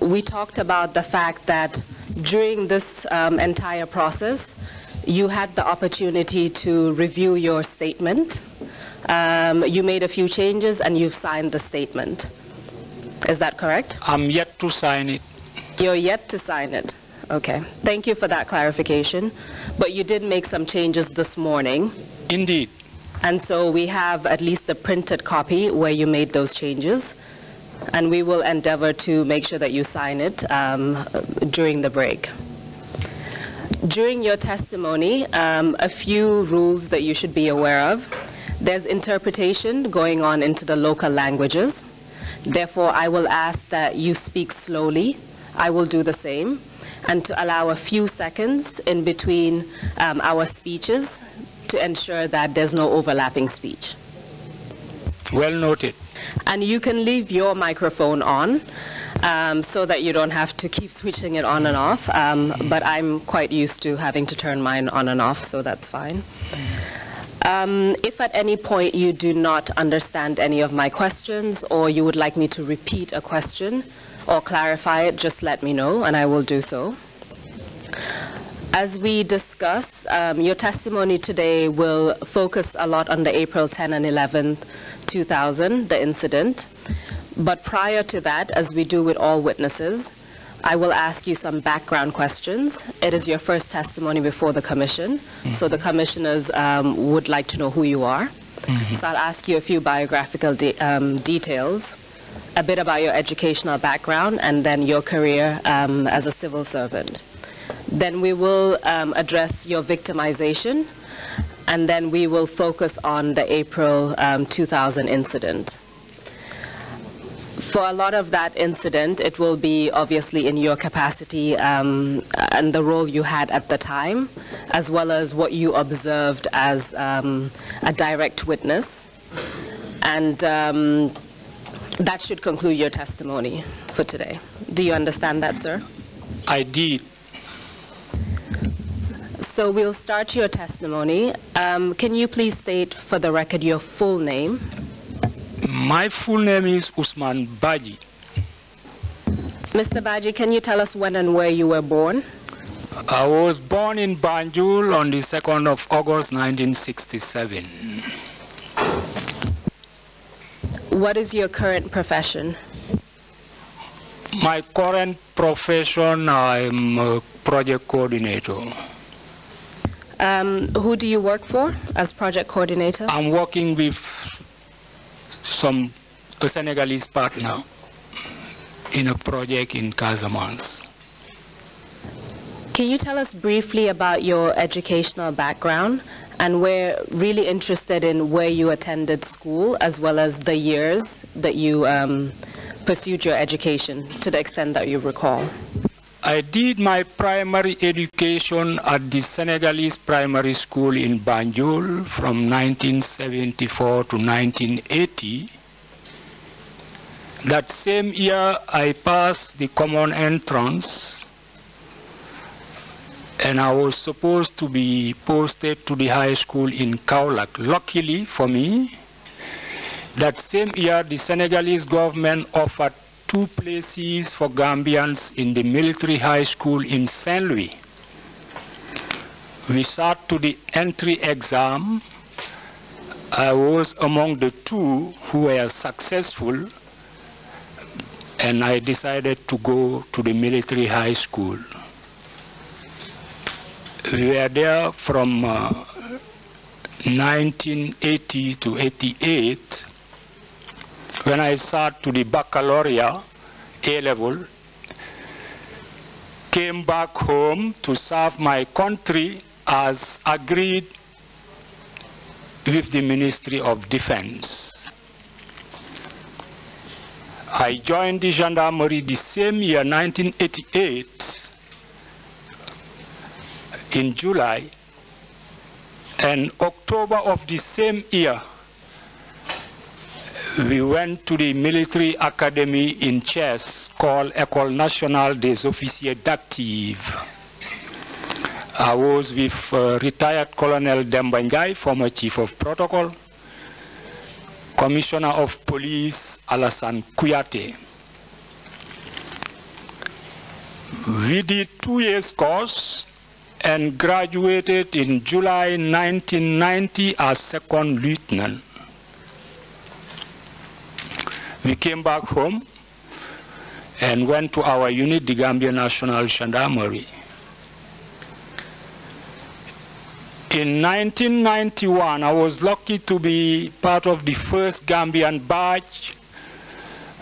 We talked about the fact that during this um, entire process, you had the opportunity to review your statement. Um, you made a few changes and you've signed the statement. Is that correct? I'm yet to sign it. You're yet to sign it. Okay. Thank you for that clarification. But you did make some changes this morning. Indeed. And so we have at least the printed copy where you made those changes and we will endeavor to make sure that you sign it um, during the break. During your testimony, um, a few rules that you should be aware of. There's interpretation going on into the local languages. Therefore, I will ask that you speak slowly. I will do the same. And to allow a few seconds in between um, our speeches to ensure that there's no overlapping speech. Well noted. And you can leave your microphone on um, so that you don't have to keep switching it on and off. Um, but I'm quite used to having to turn mine on and off, so that's fine. Um, if at any point you do not understand any of my questions or you would like me to repeat a question or clarify it, just let me know and I will do so. As we discuss, um, your testimony today will focus a lot on the April 10 and 11th 2000, the incident. But prior to that, as we do with all witnesses, I will ask you some background questions. It is your first testimony before the commission, mm -hmm. so the commissioners um, would like to know who you are. Mm -hmm. So I'll ask you a few biographical de um, details, a bit about your educational background, and then your career um, as a civil servant. Then we will um, address your victimization and then we will focus on the April um, 2000 incident. For a lot of that incident, it will be obviously in your capacity um, and the role you had at the time, as well as what you observed as um, a direct witness. And um, that should conclude your testimony for today. Do you understand that, sir? I did so we'll start your testimony. Um, can you please state for the record your full name? My full name is Usman Baji. Mr. Baji, can you tell us when and where you were born? I was born in Banjul on the 2nd of August 1967. What is your current profession? My current profession, I'm a project coordinator. Um, who do you work for as project coordinator? I'm working with some Senegalese partner in a project in Casamance. Can you tell us briefly about your educational background? And we're really interested in where you attended school as well as the years that you um, pursued your education to the extent that you recall. I did my primary education at the Senegalese primary school in Banjul from 1974 to 1980. That same year, I passed the common entrance and I was supposed to be posted to the high school in Kaulak. Luckily for me, that same year, the Senegalese government offered two places for Gambians in the military high school in St. Louis. We sat to the entry exam. I was among the two who were successful and I decided to go to the military high school. We were there from uh, 1980 to 88 when I started to the baccalaureate A level, came back home to serve my country as agreed with the Ministry of Defense. I joined the gendarmerie the same year, 1988, in July, and October of the same year, we went to the military academy in chess called École Nationale des Officiers d'Active. I was with uh, retired Colonel Dembanjai, former chief of protocol, Commissioner of Police Alassane Kuyate. We did two years course and graduated in July 1990 as second lieutenant. We came back home and went to our unit, the Gambia National Gendarmerie. In 1991, I was lucky to be part of the first Gambian batch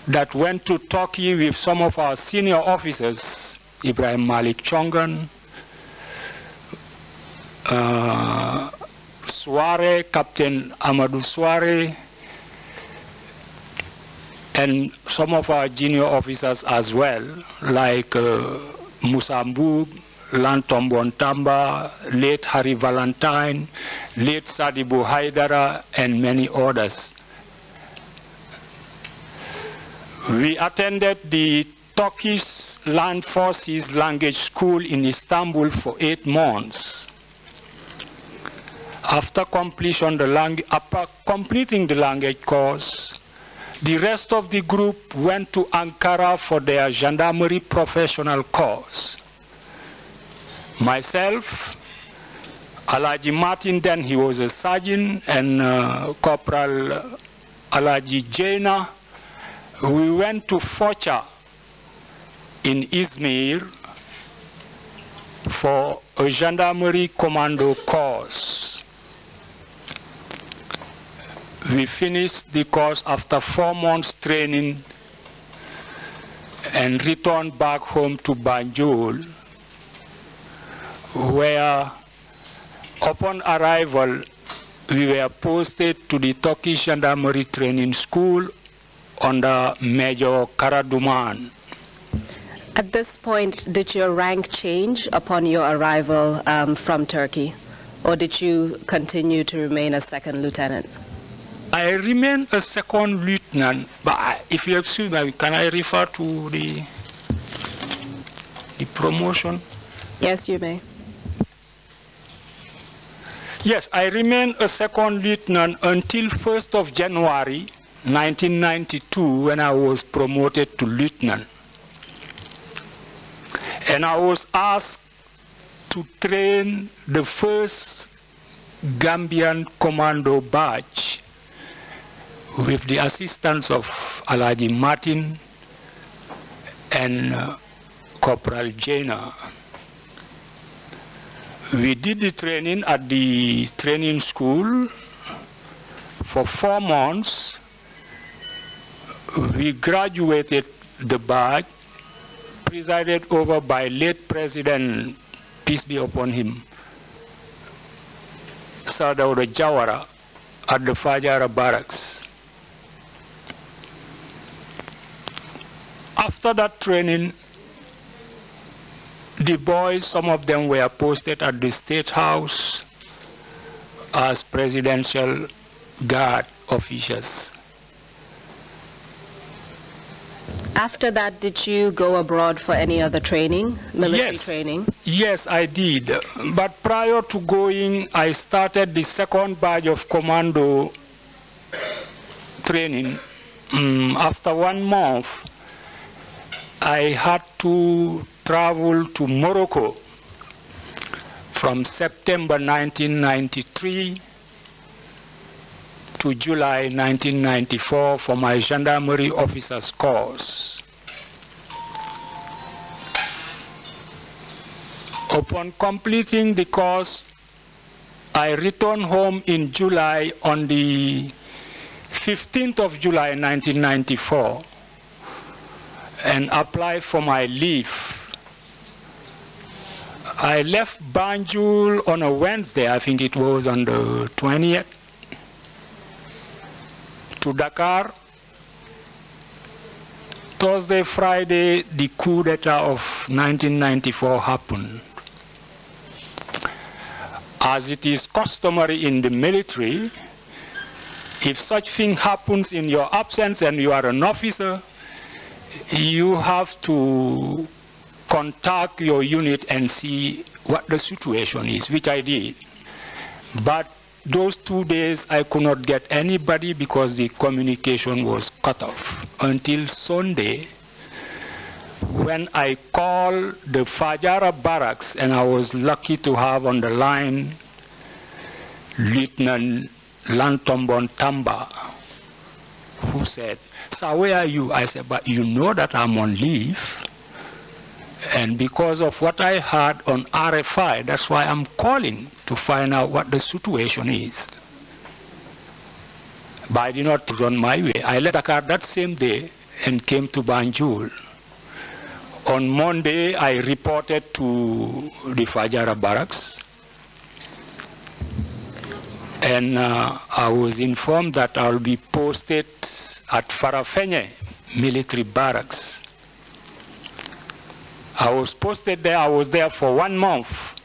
that went to Turkey with some of our senior officers, Ibrahim Malik Chongan, uh, Suare, Captain Amadou Suare, and some of our junior officers as well, like uh, Musambu, Lantom Bontamba, late Harry Valentine, late Sadibu Haidara, and many others. We attended the Turkish Land Forces Language School in Istanbul for eight months. After completion the completing the language course, the rest of the group went to Ankara for their gendarmerie professional course. Myself, Alaji Martin, then he was a sergeant, and uh, Corporal Alaji Jaina. We went to Focha in Izmir for a gendarmerie commando course we finished the course after four months training and returned back home to Banjul where upon arrival we were posted to the Turkish Gendarmerie Training School under Major Karaduman. At this point, did your rank change upon your arrival um, from Turkey, or did you continue to remain a second lieutenant? I remain a second lieutenant, but I, if you excuse me, can I refer to the the promotion? Yes, you may. Yes, I remain a second lieutenant until 1st of January 1992 when I was promoted to lieutenant. And I was asked to train the first Gambian commando batch with the assistance of Alaji Martin and uh, Corporal Jaina. We did the training at the training school for four months. We graduated the batch presided over by late President, peace be upon him, Sardauda Jawara at the Fajara barracks. After that training, the boys, some of them were posted at the State House as presidential guard officials. After that, did you go abroad for any other training, military yes. training? Yes, I did. But prior to going, I started the second batch of commando training. Um, after one month, I had to travel to Morocco from September 1993 to July 1994 for my gendarmerie officer's course. Upon completing the course, I returned home in July on the 15th of July 1994 and apply for my leave. I left Banjul on a Wednesday, I think it was on the 20th, to Dakar. Thursday, Friday, the coup d'etat of 1994 happened. As it is customary in the military, if such thing happens in your absence and you are an officer, you have to contact your unit and see what the situation is, which I did. But those two days I could not get anybody because the communication was cut off until Sunday when I called the Fajara barracks and I was lucky to have on the line Lieutenant Lantombon Tamba who said, Sir, where are you? I said, But you know that I'm on leave. And because of what I heard on RFI, that's why I'm calling to find out what the situation is. But I did not run my way. I left Dakar that same day and came to Banjul. On Monday, I reported to the Fajara barracks. And uh, I was informed that I'll be posted at Farafene military barracks. I was posted there, I was there for one month.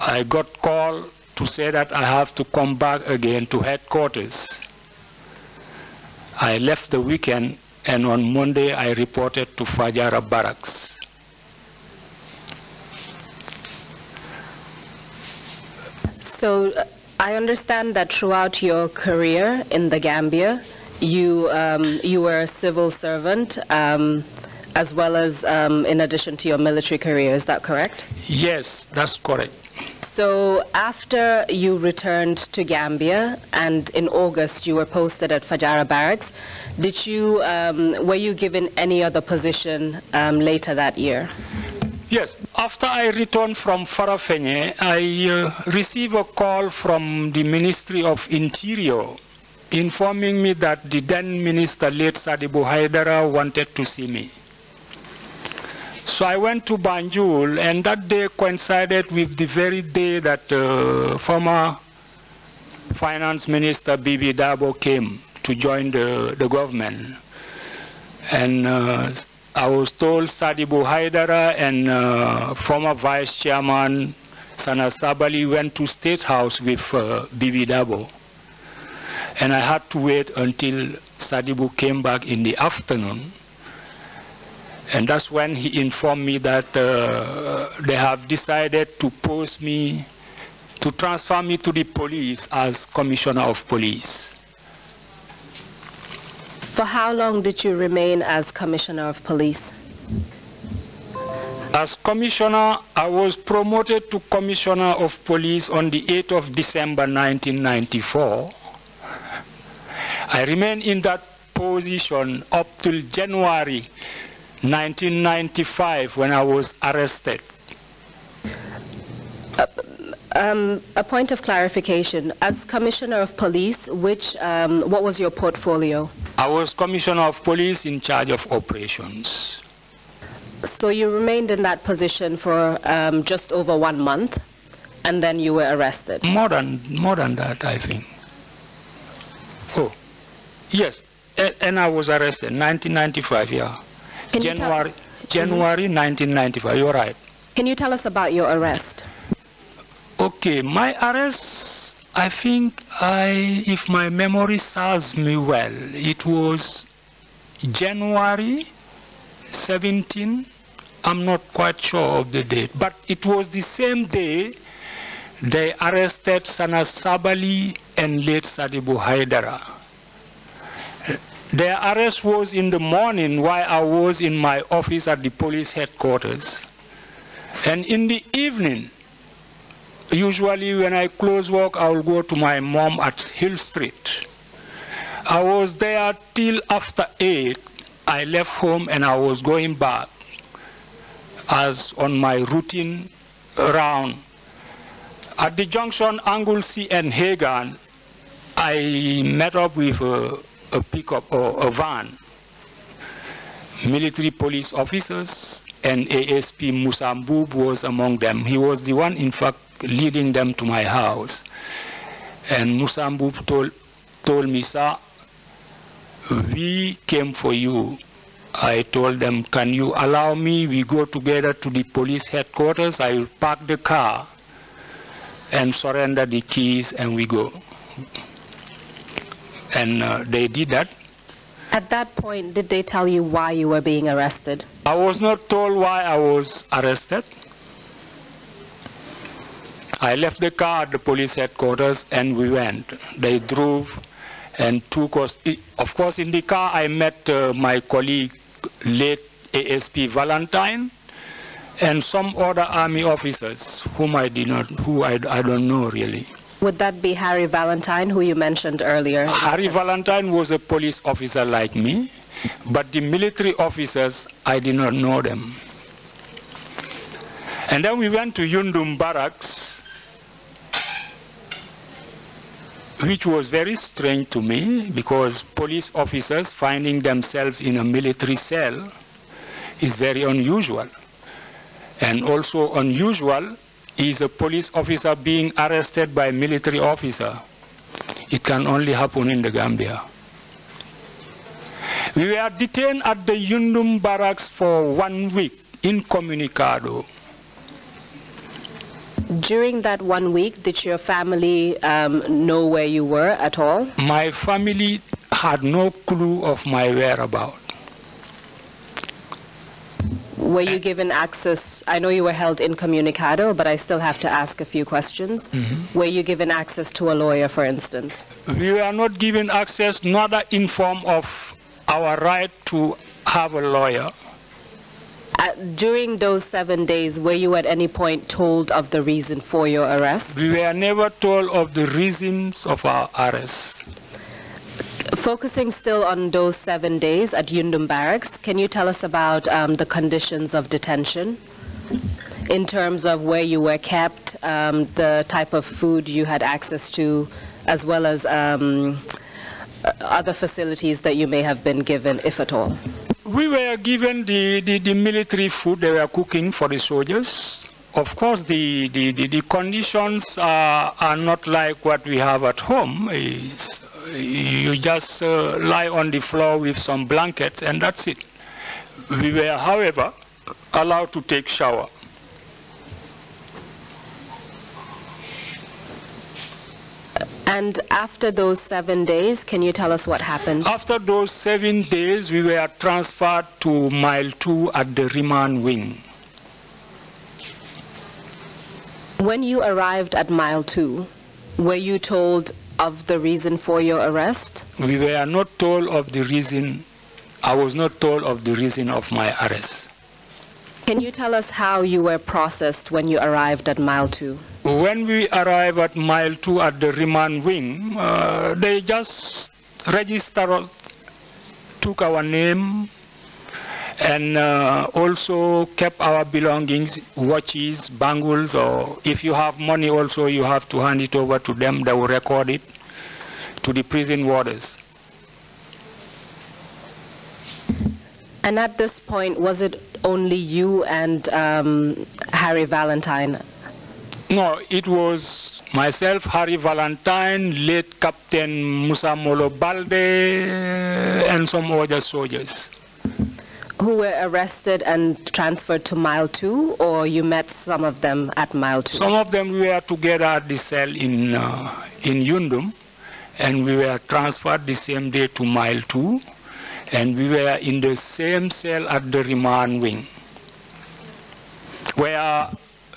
I got call to say that I have to come back again to headquarters. I left the weekend and on Monday I reported to Fajara barracks. So uh, I understand that throughout your career in the Gambia, you um, you were a civil servant um, as well as um, in addition to your military career. Is that correct? Yes, that's correct. So after you returned to Gambia and in August you were posted at Fajara Barracks, did you um, were you given any other position um, later that year? Yes, after I returned from Farafene, I uh, received a call from the Ministry of Interior informing me that the then minister, late Sadibu Haidara, wanted to see me. So I went to Banjul, and that day coincided with the very day that uh, former Finance Minister Bibi Dabo came to join the, the government. And uh, I was told Sadibu Haidara and uh, former Vice Chairman Sana Sabali went to State House with uh, Bibi Dabo. And I had to wait until Sadibu came back in the afternoon. And that's when he informed me that uh, they have decided to post me, to transfer me to the police as commissioner of police. For how long did you remain as commissioner of police? As commissioner, I was promoted to commissioner of police on the 8th of December 1994 I remained in that position up till January 1995 when I was arrested. Uh, um, a point of clarification. As Commissioner of Police, which, um, what was your portfolio? I was Commissioner of Police in charge of operations. So you remained in that position for um, just over one month, and then you were arrested? More than, more than that, I think. Oh. Yes, and, and I was arrested 1995. Yeah, Can January January 1995. You're right. Can you tell us about your arrest? Okay, my arrest. I think I, if my memory serves me well, it was January 17. I'm not quite sure of the date, but it was the same day they arrested Sana Sabali and late Sadibu Haidara. Their arrest was in the morning while I was in my office at the police headquarters. And in the evening, usually when I close work, I will go to my mom at Hill Street. I was there till after 8. I left home and I was going back as on my routine round. At the junction Anglesey and Hagan, I met up with a uh, a pickup or a van. Military police officers and ASP Musambub was among them. He was the one, in fact, leading them to my house. And Musambub told, told me, sir, we came for you. I told them, can you allow me? We go together to the police headquarters. I will park the car and surrender the keys and we go and uh, they did that. At that point, did they tell you why you were being arrested? I was not told why I was arrested. I left the car at the police headquarters and we went. They drove and took us. Of course, in the car, I met uh, my colleague, late ASP Valentine, and some other army officers whom I did not, who I, I don't know really. Would that be Harry Valentine, who you mentioned earlier? Harry Valentine was a police officer like me, but the military officers, I did not know them. And then we went to Yundum Barracks, which was very strange to me because police officers finding themselves in a military cell is very unusual. And also unusual is a police officer being arrested by a military officer. It can only happen in the Gambia. We were detained at the Yundum barracks for one week incommunicado. During that one week, did your family um, know where you were at all? My family had no clue of my whereabouts were you given access? I know you were held incommunicado, but I still have to ask a few questions. Mm-hmm. Were you given access to a lawyer, for instance? We were not given access, nor in form of our right to have a lawyer. Uh, during those seven days, were you at any point told of the reason for your arrest? We were never told of the reasons of our arrest focusing still on those seven days at Yundum Barracks, can you tell us about um, the conditions of detention in terms of where you were kept, um, the type of food you had access to, as well as um, uh, other facilities that you may have been given, if at all? We were given the, the, the military food they were cooking for the soldiers. Of course, the, the, the, the conditions are, are not like what we have at home. It's, you just uh, lie on the floor with some blankets and that's it. We were, however, allowed to take shower. And after those seven days, can you tell us what happened? After those seven days, we were transferred to mile two at the remand wing. When you arrived at mile two, were you told of the reason for your arrest? We were not told of the reason. I was not told of the reason of my arrest. Can you tell us how you were processed when you arrived at mile two? When we arrived at mile two at the remand wing, uh, they just registered, took our name, and uh, also kept our belongings, watches, bangles, or if you have money also, you have to hand it over to them. They will record it to the prison warders. And at this point, was it only you and um, Harry Valentine? No, it was myself, Harry Valentine, late Captain Musa Molo Balde, and some other soldiers who were arrested and transferred to mile two, or you met some of them at mile two? Some of them we were together at the cell in, uh, in Yundum, and we were transferred the same day to mile two, and we were in the same cell at the remand wing, where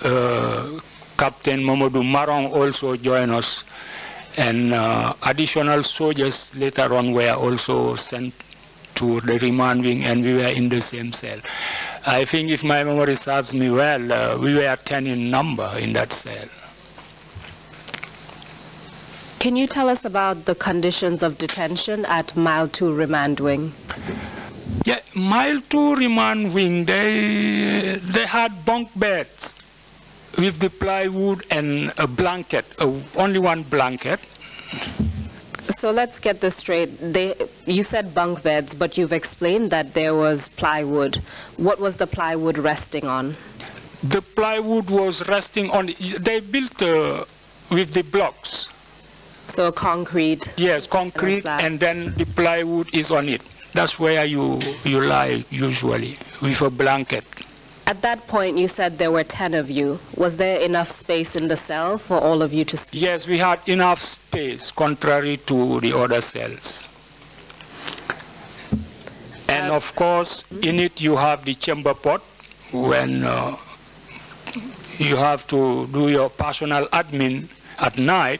uh, Captain Momodu Marong also joined us, and uh, additional soldiers later on were also sent to the remand wing and we were in the same cell. I think if my memory serves me well, uh, we were 10 in number in that cell. Can you tell us about the conditions of detention at Mile 2 Remand Wing? Yeah, Mile 2 Remand Wing, they, they had bunk beds with the plywood and a blanket, uh, only one blanket. So let's get this straight. They, you said bunk beds, but you've explained that there was plywood. What was the plywood resting on? The plywood was resting on, they built uh, with the blocks. So concrete. Yes, concrete, and, and, then the plywood is on it. That's where you, you lie usually, with a blanket. At that point, you said there were 10 of you. Was there enough space in the cell for all of you to sleep? Yes, we had enough space, contrary to the other cells. And uh, of course, in it you have the chamber pot when uh, you have to do your personal admin at night,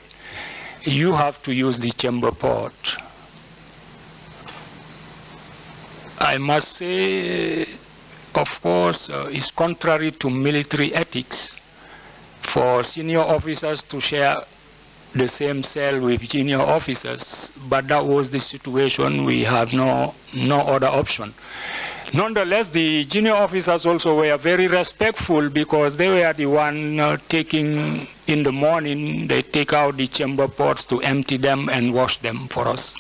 you have to use the chamber pot. I must say of course, uh, is contrary to military ethics for senior officers to share the same cell with junior officers, but that was the situation. We have no, no other option. Nonetheless, the junior officers also were very respectful because they were the one uh, taking in the morning, they take out the chamber pots to empty them and wash them for us.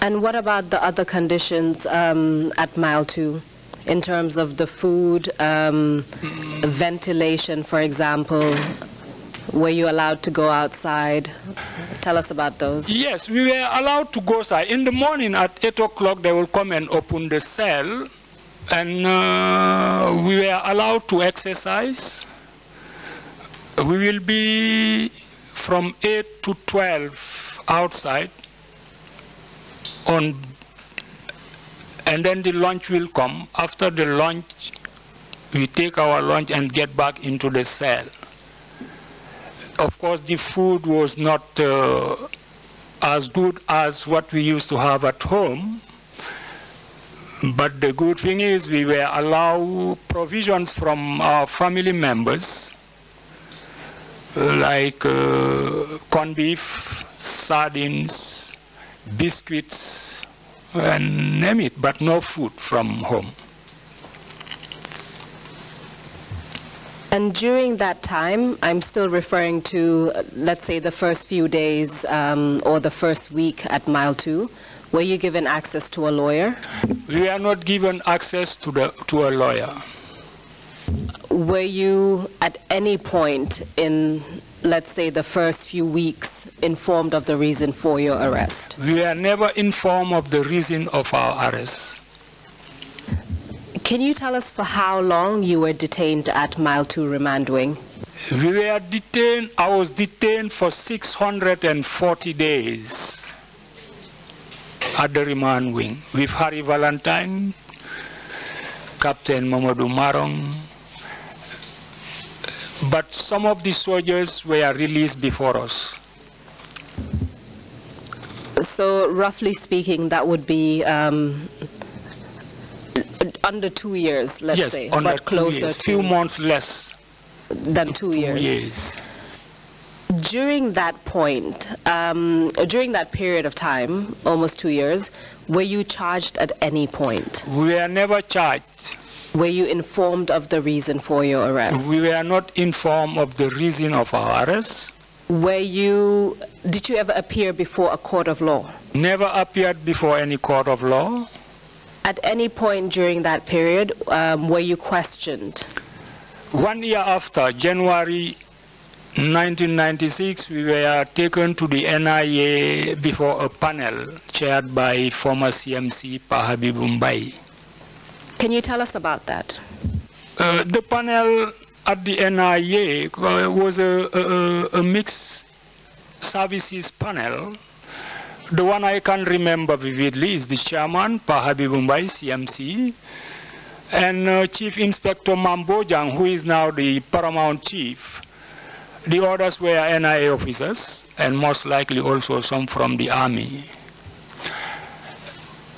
And what about the other conditions um, at mile two? In terms of the food, um, ventilation, for example, were you allowed to go outside? Tell us about those. Yes, we were allowed to go outside. In the morning at 8 o'clock, they will come and open the cell, and uh, we were allowed to exercise. We will be from 8 to 12 outside on and then the launch will come. After the launch, we take our lunch and get back into the cell. Of course, the food was not uh, as good as what we used to have at home. But the good thing is we were allowed provisions from our family members, like uh, corned beef, sardines, biscuits, and name it, but no food from home. And during that time, I'm still referring to, let's say, the first few days um, or the first week at mile two. Were you given access to a lawyer? We are not given access to the to a lawyer. Were you at any point in let's say, the first few weeks informed of the reason for your arrest? We are never informed of the reason of our arrest. Can you tell us for how long you were detained at Mile 2 Remand Wing? We were detained, I was detained for 640 days at the remand wing with Harry Valentine, Captain Mamadou Marong, but some of the soldiers were released before us. So, roughly speaking, that would be um, under two years, let's yes, say, but closer years, to few months less than two, two years. years. During that point, um, during that period of time, almost two years, were you charged at any point? We are never charged were you informed of the reason for your arrest? We were not informed of the reason of our arrest. Were you, did you ever appear before a court of law? Never appeared before any court of law. At any point during that period, um, were you questioned? One year after, January 1996, we were taken to the NIA before a panel chaired by former CMC Pahabi Mumbai. Can you tell us about that? Uh, the panel at the NIA uh, was a, a, a mixed services panel. The one I can remember vividly is the chairman, Pahabi Mumbai, CMC, and uh, Chief Inspector Mambojang, who is now the paramount chief. The others were NIA officers, and most likely also some from the army.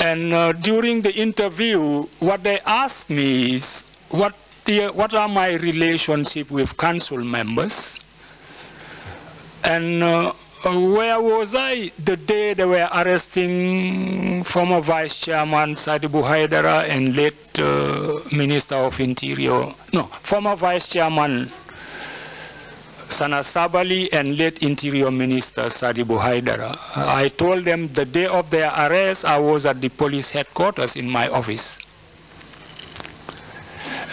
And uh, during the interview, what they asked me is, what, the, what are my relationship with council members? And uh, where was I the day they were arresting former Vice Chairman Sadibu Haidara and late uh, Minister of Interior, no, former Vice Chairman Sana Sabali and late Interior Minister Sadibu Haidara. I told them the day of their arrest, I was at the police headquarters in my office.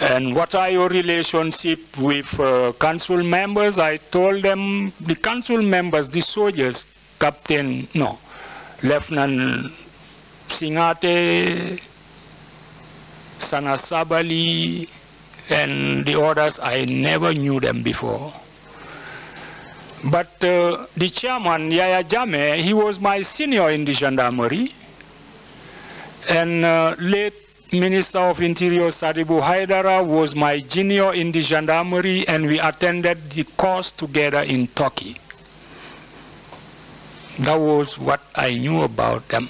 And what are your relationship with uh, council members? I told them the council members, the soldiers, Captain, no, Lieutenant Singate, Sana Sabali, and the others, I never knew them before. But uh, the chairman, Yaya Jame, he was my senior in the gendarmerie. And uh, late Minister of Interior Sadibu Haidara was my junior in the gendarmerie and we attended the course together in Turkey. That was what I knew about them.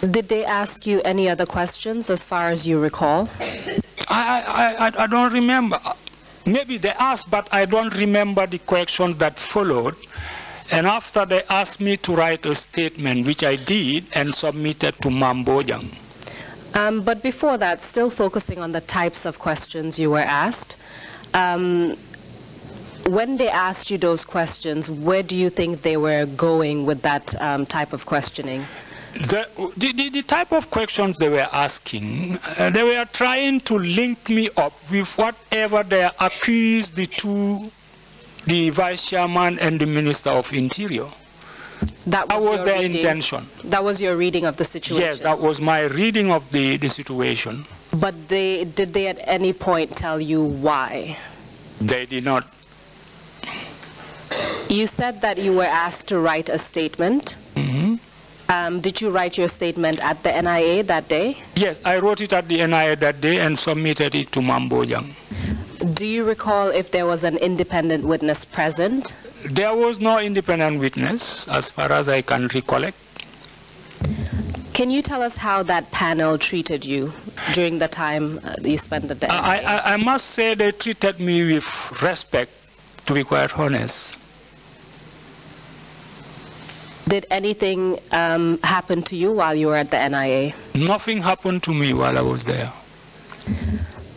Did they ask you any other questions as far as you recall? I, I, I, I don't remember. Maybe they asked, but I don't remember the question that followed. And after they asked me to write a statement, which I did and submitted to Mambojang. Um, but before that, still focusing on the types of questions you were asked, um, when they asked you those questions, where do you think they were going with that um, type of questioning? the, the, the, type of questions they were asking, uh, they were trying to link me up with whatever they accused the two, the vice chairman and the minister of interior. That was, that was their reading. intention. That was your reading of the situation? Yes, that was my reading of the, the situation. But they, did they at any point tell you why? They did not. You said that you were asked to write a statement. Mm. Um, did you write your statement at the NIA that day? Yes, I wrote it at the NIA that day and submitted it to Mambojang. Do you recall if there was an independent witness present? There was no independent witness, as far as I can recollect. Can you tell us how that panel treated you during the time uh, you spent the day? I, I, I must say they treated me with respect, to be quite honest did anything um, happen to you while you were at the NIA? Nothing happened to me while I was there.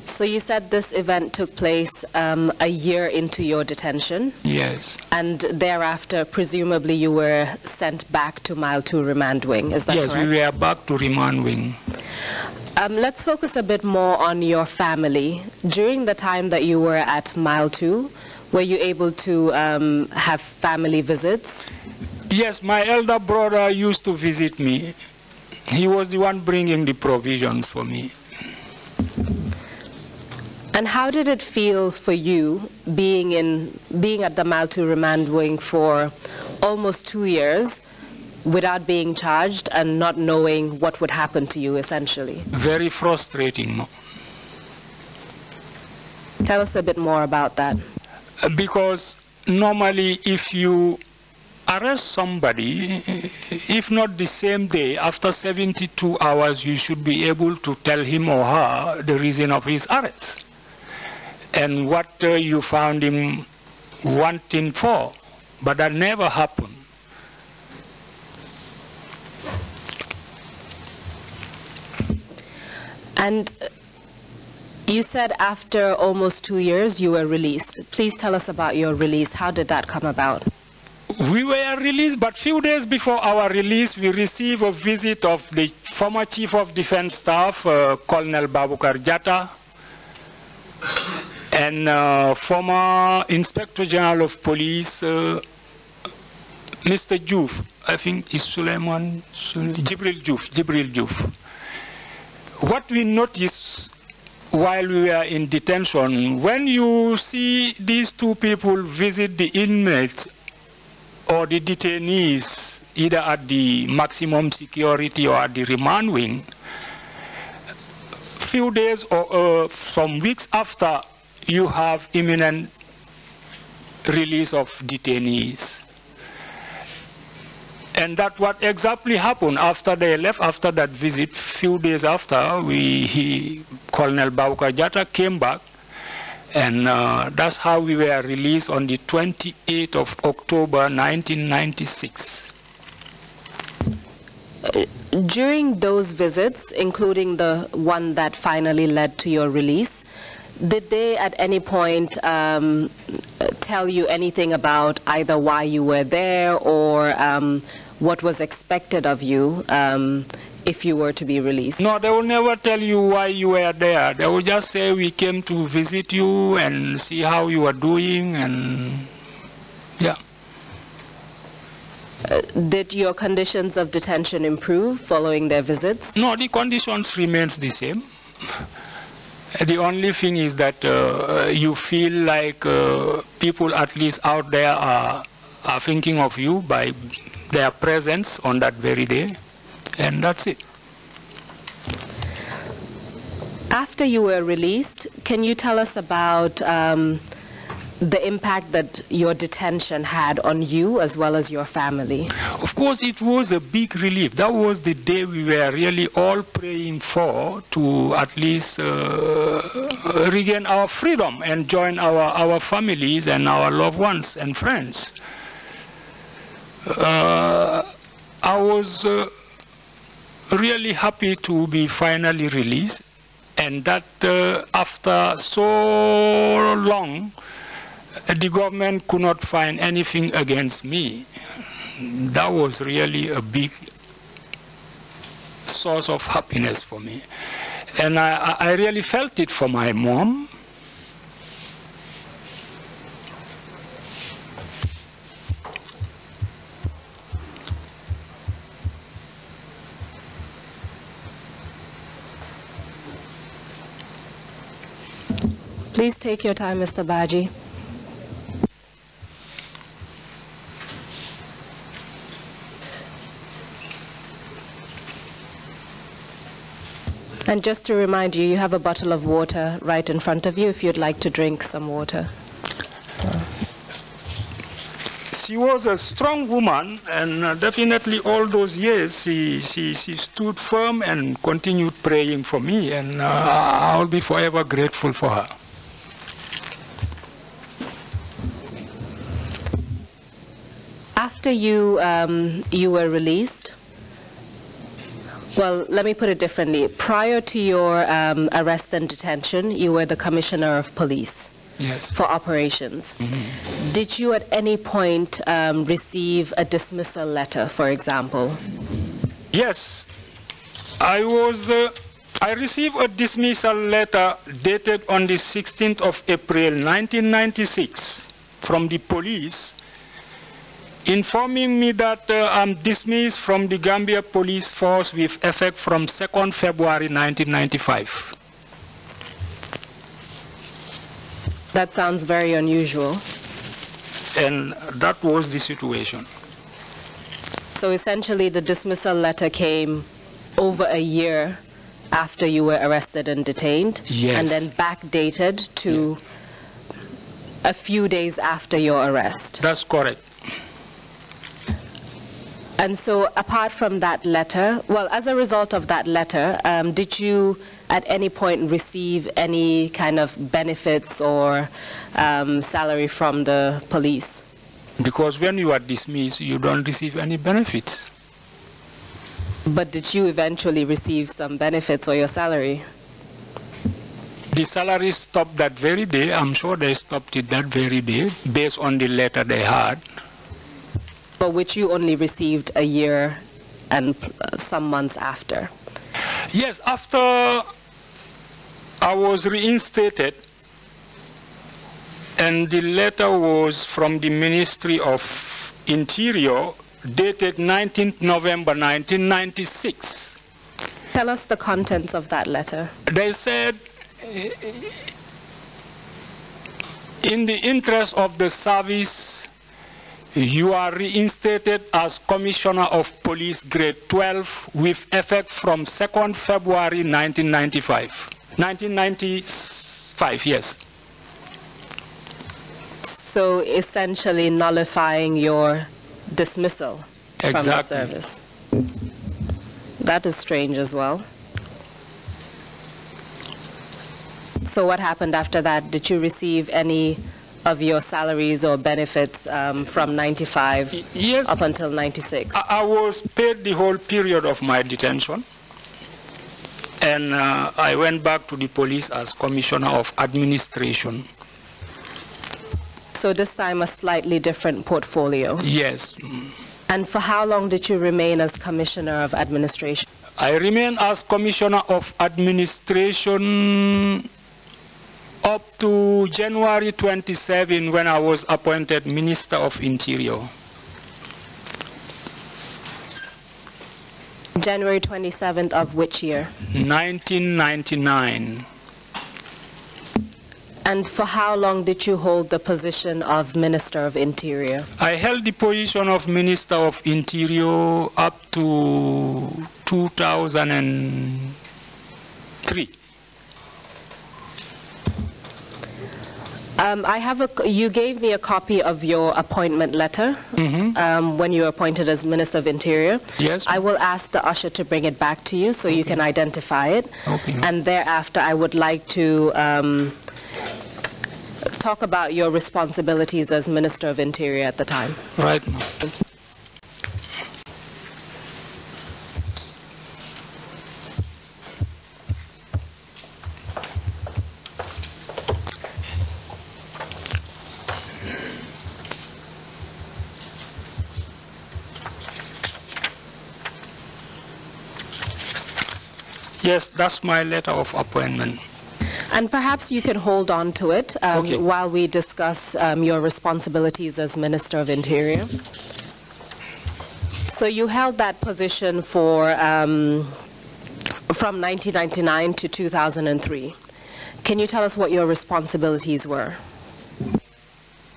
So you said this event took place um, a year into your detention? Yes. And thereafter, presumably, you were sent back to Mile 2 Remand Wing, is that yes, correct? Yes, we were back to Remand Wing. Um, let's focus a bit more on your family. During the time that you were at Mile 2, were you able to um, have family visits? Yes, my elder brother used to visit me. He was the one bringing the provisions for me. And how did it feel for you being in being at the Maltu remand wing for almost two years without being charged and not knowing what would happen to you essentially? Very frustrating. Tell us a bit more about that. Because normally if you arrest somebody, if not the same day, after 72 hours, you should be able to tell him or her the reason of his arrest and what uh, you found him wanting for. But that never happened. And uh, you said after almost two years you were released. Please tell us about your release. How did that come about? we were released, but few days before our release, we received a visit of the former Chief of Defense Staff, uh, Colonel Babukar Jatta, and uh, former Inspector General of Police, uh, Mr. Juf, I think it's Suleiman, Jibril Juf, Jibril Juf. What we noticed while we were in detention, when you see these two people visit the inmates or the detainees either at the maximum security or at the remand wing, few days or uh, some weeks after, you have imminent release of detainees. And that what exactly happened after they left, after that visit, few days after, we, he, Colonel Bauka Jata came back and uh, that's how we were released on the 28th of October 1996. During those visits, including the one that finally led to your release, did they at any point um, tell you anything about either why you were there or um, what was expected of you? Um, if you were to be released? No, they will never tell you why you were there. They will just say, we came to visit you and see how you are doing and yeah. Uh, did your conditions of detention improve following their visits? No, the conditions remains the same. the only thing is that uh, uh you feel like uh, people at least out there are, are thinking of you by their presence on that very day. And that's it. After you were released, can you tell us about um, the impact that your detention had on you as well as your family? Of course, it was a big relief. That was the day we were really all praying for to at least uh, regain our freedom and join our, our families and our loved ones and friends. Uh, I was. Uh, really happy to be finally released and that uh, after so long the government could not find anything against me. That was really a big source of happiness for me. And I, I really felt it for my mom Please take your time, Mr. Baji. And just to remind you, you have a bottle of water right in front of you if you'd like to drink some water. She was a strong woman, and uh, definitely all those years she, she, she stood firm and continued praying for me, and uh, I'll be forever grateful for her. after you, um, you were released, well, let me put it differently. Prior to your um, arrest and detention, you were the commissioner of police. Yes. For operations. Mm -hmm. Did you at any point um, receive a dismissal letter, for example? Yes. I was. Uh, I received a dismissal letter dated on the 16th of April 1996 from the police informing me that uh, I'm dismissed from the Gambia police force with effect from 2nd February 1995. That sounds very unusual. And that was the situation. So essentially the dismissal letter came over a year after you were arrested and detained? Yes. And then backdated to yeah. a few days after your arrest? That's correct. And so, apart from that letter, well, as a result of that letter, um, did you at any point receive any kind of benefits or um, salary from the police? Because when you are dismissed, you don't receive any benefits. But did you eventually receive some benefits or your salary? The salary stopped that very day. I'm sure they stopped it that very day based on the letter they had but which you only received a year and uh, some months after. Yes, after I was reinstated, and the letter was from the Ministry of Interior, dated 19th November 1996. Tell us the contents of that letter. They said, in the interest of the service you are reinstated as Commissioner of Police Grade 12 with effect from 2nd February 1995. 1995, yes. So essentially nullifying your dismissal exactly. from the service. That is strange as well. So what happened after that? Did you receive any of your salaries or benefits um, from 95 yes, up until 96? I, I was paid the whole period of my detention. And uh, I went back to the police as commissioner of administration. So this time a slightly different portfolio? Yes. And for how long did you remain as commissioner of administration? I remain as commissioner of administration up to January 27 when I was appointed Minister of Interior. January 27th of which year? 1999. And for how long did you hold the position of Minister of Interior? I held the position of Minister of Interior up to 2003. Um, I have a. You gave me a copy of your appointment letter mm -hmm. um, when you were appointed as Minister of Interior. Yes. I will ask the usher to bring it back to you so okay. you can identify it. Okay. And thereafter, I would like to. Um, talk about your responsibilities as Minister of Interior at the time. Right. Yes, that's my letter of appointment. And perhaps you can hold on to it um, okay. while we discuss um, your responsibilities as Minister of Interior. So you held that position for um, from 1999 to 2003. Can you tell us what your responsibilities were?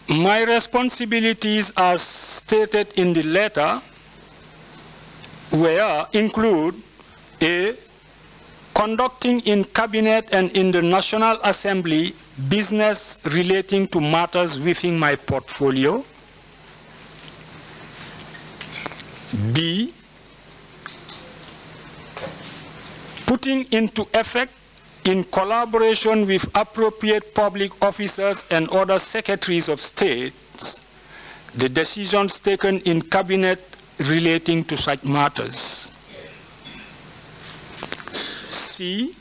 My responsibilities, as stated in the letter, were include a conducting in cabinet and in the National Assembly business relating to matters within my portfolio. B, putting into effect in collaboration with appropriate public officers and other secretaries of state, the decisions taken in cabinet relating to such matters policy,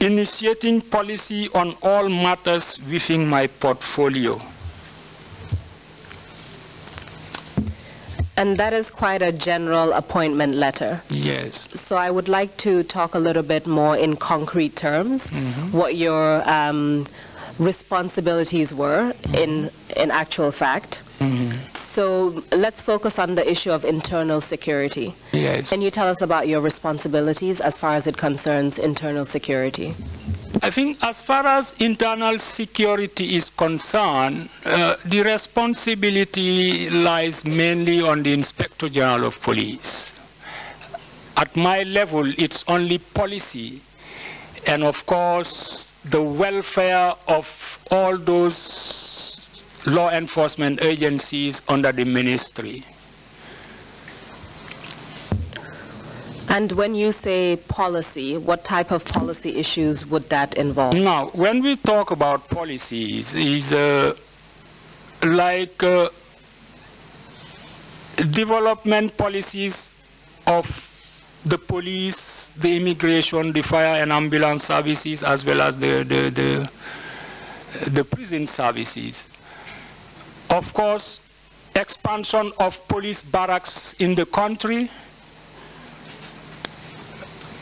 initiating policy on all matters within my portfolio. And that is quite a general appointment letter. Yes. So I would like to talk a little bit more in concrete terms mm -hmm. what your um, responsibilities were mm -hmm. in, in actual fact. Mm -hmm. So let's focus on the issue of internal security. Yes. Can you tell us about your responsibilities as far as it concerns internal security? I think as far as internal security is concerned, uh, the responsibility lies mainly on the Inspector General of Police. At my level, it's only policy and of course the welfare of all those law enforcement agencies under the ministry. And when you say policy, what type of policy issues would that involve? Now, when we talk about policies, is uh, like uh, development policies of the police, the immigration, the fire and ambulance services, as well as the, the, the, the prison services. Of course, expansion of police barracks in the country,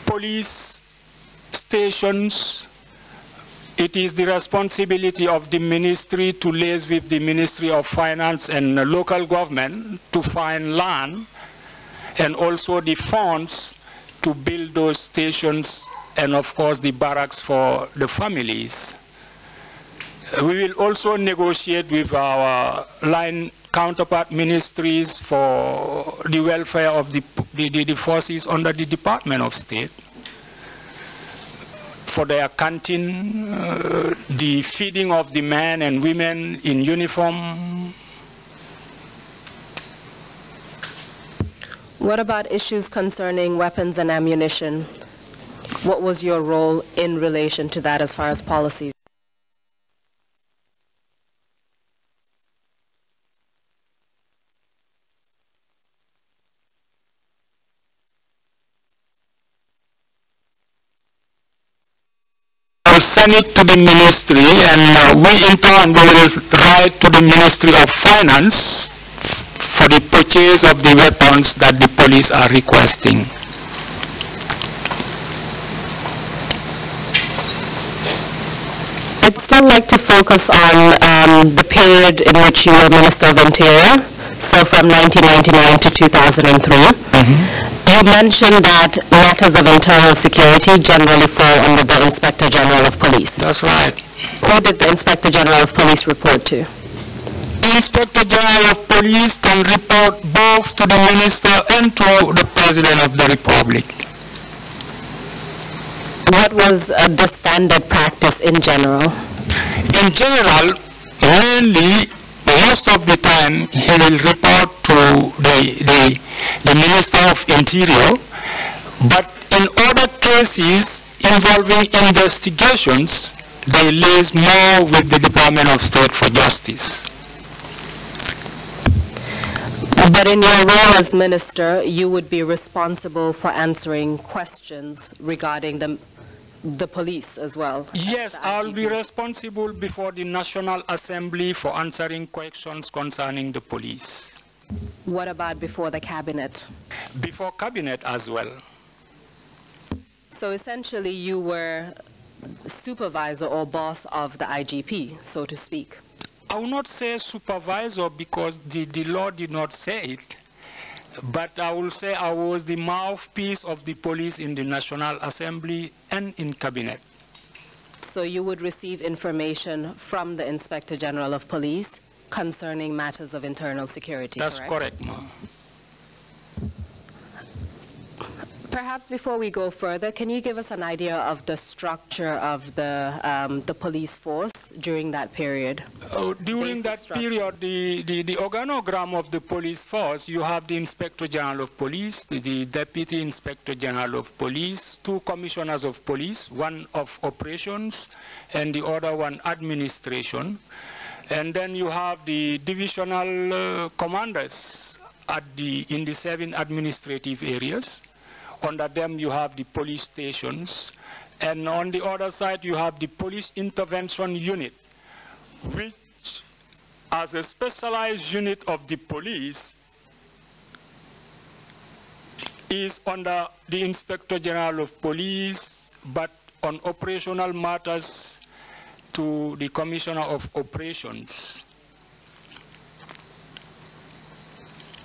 police stations, it is the responsibility of the ministry to liaise with the Ministry of Finance and local government to find land and also the funds to build those stations and of course the barracks for the families. We will also negotiate with our line counterpart ministries for the welfare of the, the, the forces under the Department of State for their canteen, uh, the feeding of the men and women in uniform. What about issues concerning weapons and ammunition? What was your role in relation to that as far as policies? send it to the ministry and uh, we in turn we will write to the Ministry of Finance for the purchase of the weapons that the police are requesting. I'd still like to focus on um, the period in which you were Minister of Interior, so from 1999 to 2003. Mm -hmm. You mentioned that matters of internal security generally fall under the Inspector General of Police. That's right. Who did the Inspector General of Police report to? The Inspector General of Police can report both to the Minister and to the President of the Republic. What was uh, the standard practice in general? In general, only most of the time he will report to the, the, the Minister of Interior, but in other cases involving investigations, they liaise more with the Department of State for Justice. But in your role as minister, you would be responsible for answering questions regarding the the police as well? Yes, I'll be responsible before the National Assembly for answering questions concerning the police. What about before the cabinet? Before cabinet as well. So essentially you were supervisor or boss of the IGP, so to speak? I will not say supervisor because the, the law did not say it but I will say I was the mouthpiece of the police in the National Assembly and in cabinet. So you would receive information from the Inspector General of Police concerning matters of internal security, That's correct, correct Perhaps before we go further, can you give us an idea of the structure of the um, the police force during that period? Oh, during Basic that structure. period, the, the, the, organogram of the police force, you have the Inspector General of Police, the, the Deputy Inspector General of Police, two commissioners of police, one of operations and the other one administration. And then you have the divisional uh, commanders at the, in the seven administrative areas. Under them, you have the police stations. And on the other side, you have the police intervention unit, which as a specialized unit of the police is under the Inspector General of Police, but on operational matters to the Commissioner of Operations.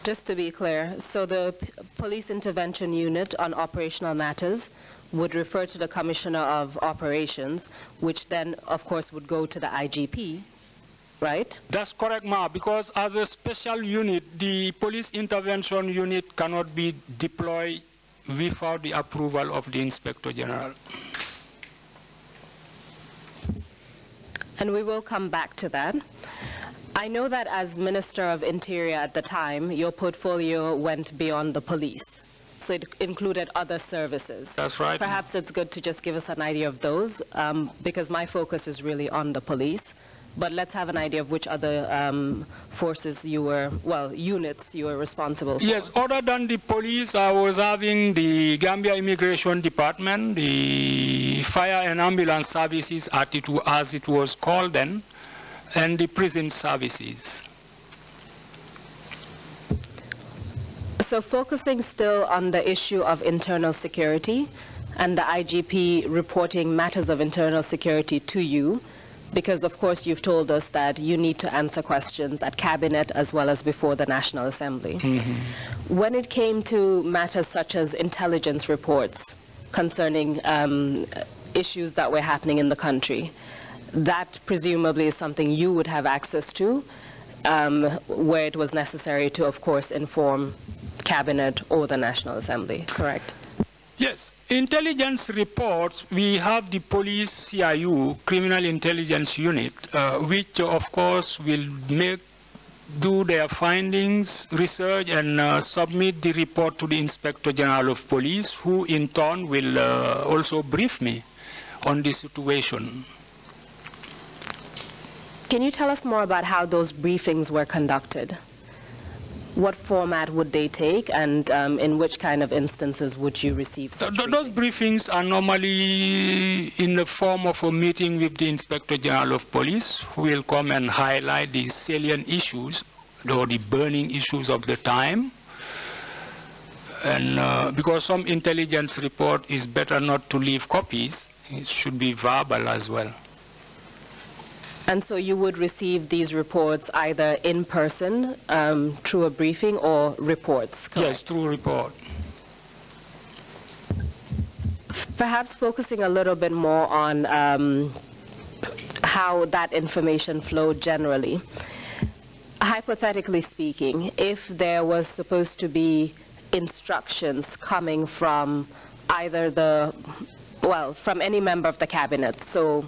Just to be clear, so the P Police Intervention Unit on operational matters would refer to the Commissioner of Operations, which then, of course, would go to the IGP, right? That's correct, Ma, because as a special unit, the Police Intervention Unit cannot be deployed without the approval of the Inspector General. And we will come back to that. I know that as Minister of Interior at the time, your portfolio went beyond the police. So it included other services. That's right. Perhaps it's good to just give us an idea of those um, because my focus is really on the police. But let's have an idea of which other um, forces you were, well, units you were responsible for. Yes, other than the police, I was having the Gambia Immigration Department, the Fire and Ambulance Services, as it was called then and the prison services. So focusing still on the issue of internal security and the IGP reporting matters of internal security to you, because of course you've told us that you need to answer questions at cabinet as well as before the National Assembly. Mm -hmm. When it came to matters such as intelligence reports concerning um, issues that were happening in the country, that presumably is something you would have access to, um, where it was necessary to, of course, inform cabinet or the National Assembly, correct? Yes, intelligence reports, we have the police CIU, Criminal Intelligence Unit, uh, which of course will make do their findings, research, and uh, submit the report to the Inspector General of Police, who in turn will uh, also brief me on the situation. Can you tell us more about how those briefings were conducted? What format would they take, and um, in which kind of instances would you receive such Th Those briefings? briefings are normally in the form of a meeting with the Inspector General of Police, who will come and highlight the salient issues or the burning issues of the time. And uh, because some intelligence report is better not to leave copies, it should be verbal as well. And so you would receive these reports either in person um, through a briefing or reports, correct? Yes, through report. Perhaps focusing a little bit more on um, how that information flowed generally. Hypothetically speaking, if there was supposed to be instructions coming from either the, well, from any member of the cabinet, so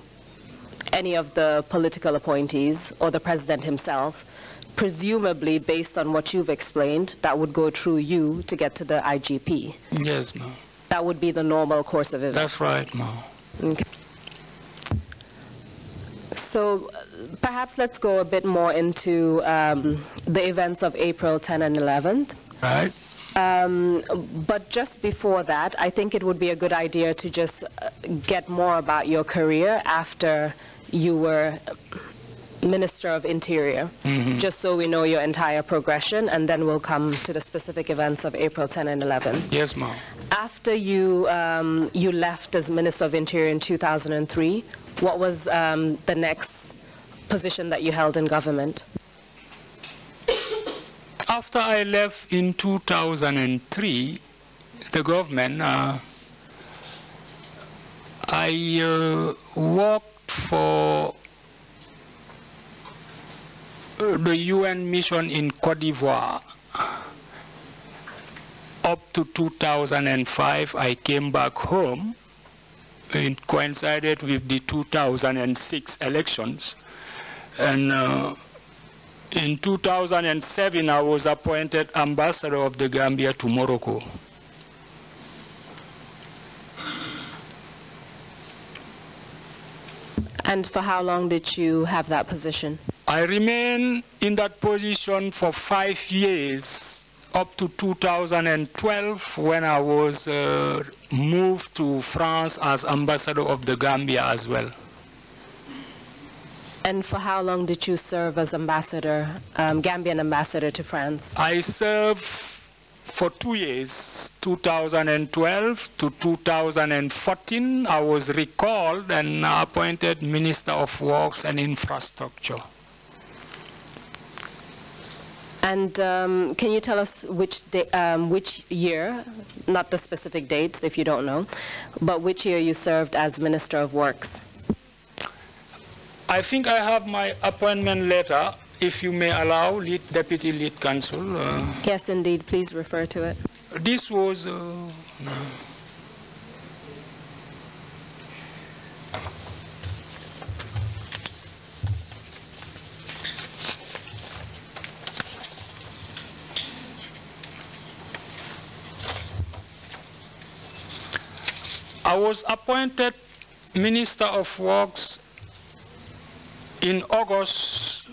any of the political appointees or the president himself, presumably based on what you've explained, that would go through you to get to the IGP. Yes, ma'am. That would be the normal course of events. That's right, ma'am. Okay. So perhaps let's go a bit more into um, the events of April 10 and 11th. Right. Um, but just before that, I think it would be a good idea to just uh, get more about your career after you were Minister of Interior, mm -hmm. just so we know your entire progression, and then we'll come to the specific events of April 10 and 11. Yes, ma'am. After you um, you left as Minister of Interior in 2003, what was um, the next position that you held in government? After I left in 2003, the government, uh, I uh, worked for uh, the UN mission in Cote d'Ivoire. Up to 2005, I came back home. It coincided with the 2006 elections. And uh, in 2007, I was appointed ambassador of the Gambia to Morocco. And for how long did you have that position? I remained in that position for five years up to 2012 when I was uh, moved to France as ambassador of the Gambia as well. And for how long did you serve as ambassador, um, Gambian ambassador to France? I served for two years, 2012 to 2014, I was recalled and appointed Minister of Works and Infrastructure. And um, can you tell us which, um, which year, not the specific dates if you don't know, but which year you served as Minister of Works? I think I have my appointment letter if you may allow, lead, Deputy Lead Counsel. Uh, yes, indeed. Please refer to it. This was... Uh, I was appointed Minister of Works in August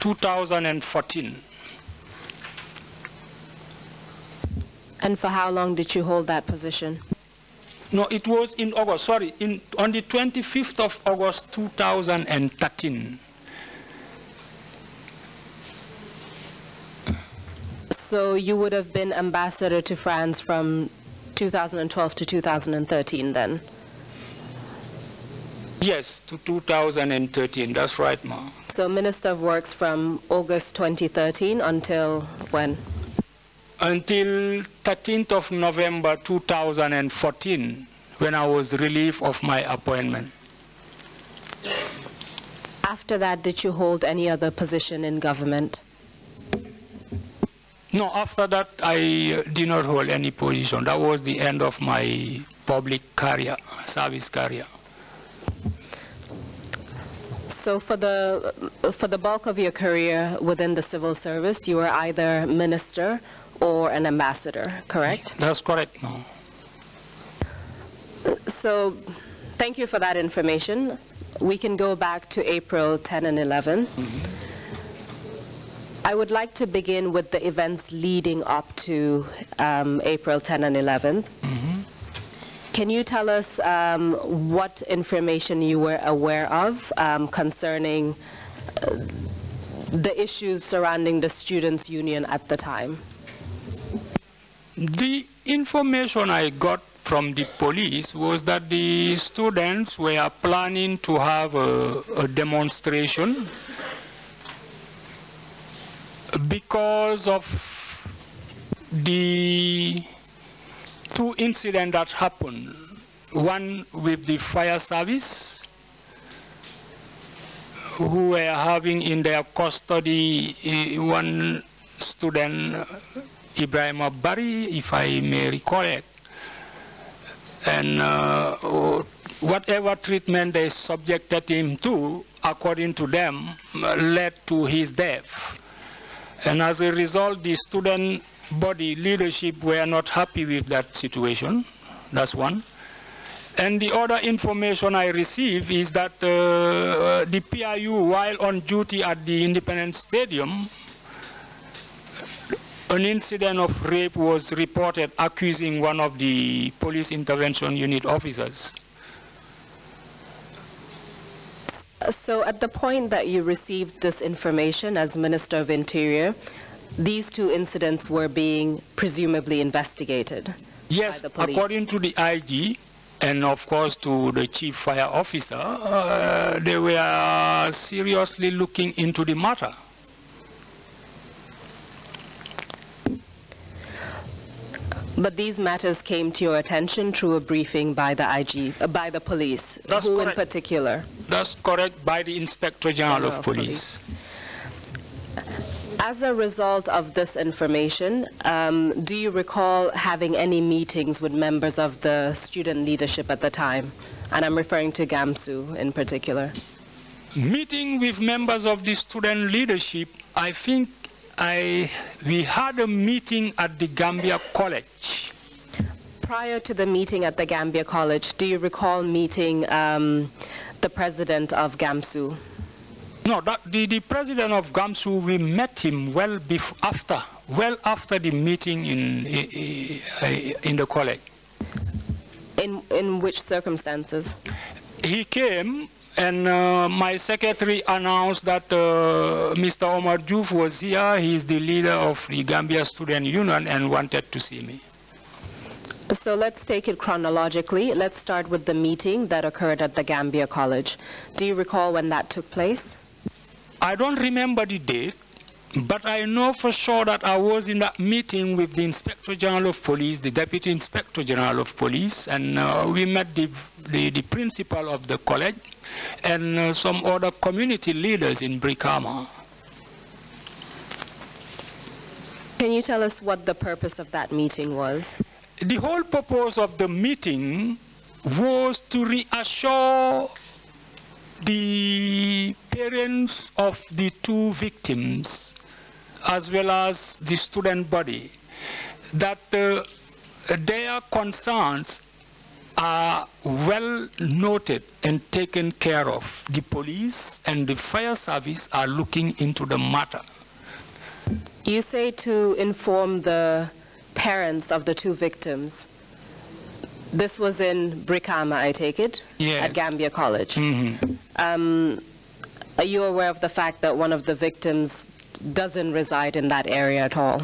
2014. And for how long did you hold that position? No, it was in August, sorry, in, on the 25th of August 2013. So you would have been ambassador to France from 2012 to 2013 then? Yes, to 2013, that's right, ma'am. So Minister of Works from August 2013 until when? Until 13th of November 2014, when I was relieved of my appointment. After that, did you hold any other position in government? No, after that, I uh, did not hold any position. That was the end of my public career, service career. So for the, for the bulk of your career within the civil service, you were either minister or an ambassador, correct? That's correct. No. So thank you for that information. We can go back to April 10 and 11. Mm -hmm. I would like to begin with the events leading up to um, April 10 and 11. Mm -hmm. Can you tell us um, what information you were aware of um, concerning uh, the issues surrounding the students' union at the time? The information I got from the police was that the students were planning to have a, a demonstration because of the two incidents that happened. One with the fire service, who were having in their custody eh, one student, Ibrahim Abari, if I may it. And uh, whatever treatment they subjected him to, according to them, led to his death. And as a result, the student body leadership were not happy with that situation. That's one. And the other information I receive is that uh, the PIU, while on duty at the Independence Stadium, an incident of rape was reported accusing one of the police intervention unit officers. So at the point that you received this information as Minister of Interior, these two incidents were being presumably investigated. Yes, according to the IG, and of course to the chief fire officer, uh, they were seriously looking into the matter. But these matters came to your attention through a briefing by the IG, uh, by the police. That's Who correct. in particular? That's correct, by the Inspector General, General of Police. police. As a result of this information, um, do you recall having any meetings with members of the student leadership at the time? And I'm referring to GAMSU in particular. Meeting with members of the student leadership, I think I, we had a meeting at the Gambia College. Prior to the meeting at the Gambia College, do you recall meeting um, the president of GAMSU? No, that, the, the president of Gamsu, we met him well before, after, well after the meeting in, in, the college. In, in which circumstances? He came and uh, my secretary announced that uh, Mr. Omar Juf was here. He is the leader of the Gambia Student Union and wanted to see me. So let's take it chronologically. Let's start with the meeting that occurred at the Gambia College. Do you recall when that took place? I don't remember the date, but I know for sure that I was in that meeting with the Inspector General of Police, the Deputy Inspector General of Police, and uh, we met the, the, the, principal of the college and uh, some other community leaders in Brikama. Can you tell us what the purpose of that meeting was? The whole purpose of the meeting was to reassure the parents of the two victims, as well as the student body, that uh, their concerns are well noted and taken care of. The police and the fire service are looking into the matter. You say to inform the parents of the two victims. This was in Brikama, I take it? Yes. At Gambia College. Mm -hmm. um, are you aware of the fact that one of the victims doesn't reside in that area at all?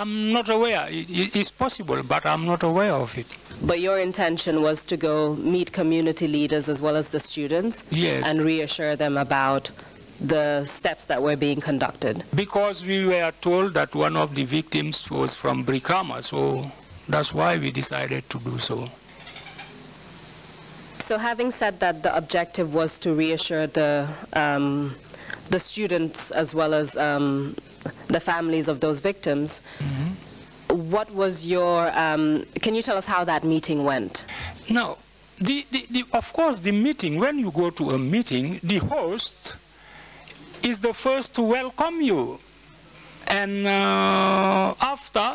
I'm not aware. It's possible, but I'm not aware of it. But your intention was to go meet community leaders as well as the students yes. and reassure them about the steps that were being conducted? Because we were told that one of the victims was from Brikama, so that's why we decided to do so. So having said that, the objective was to reassure the um, the students as well as um, the families of those victims. Mm -hmm. What was your? Um, can you tell us how that meeting went? No, the, the, the, of course the meeting. When you go to a meeting, the host is the first to welcome you, and uh, after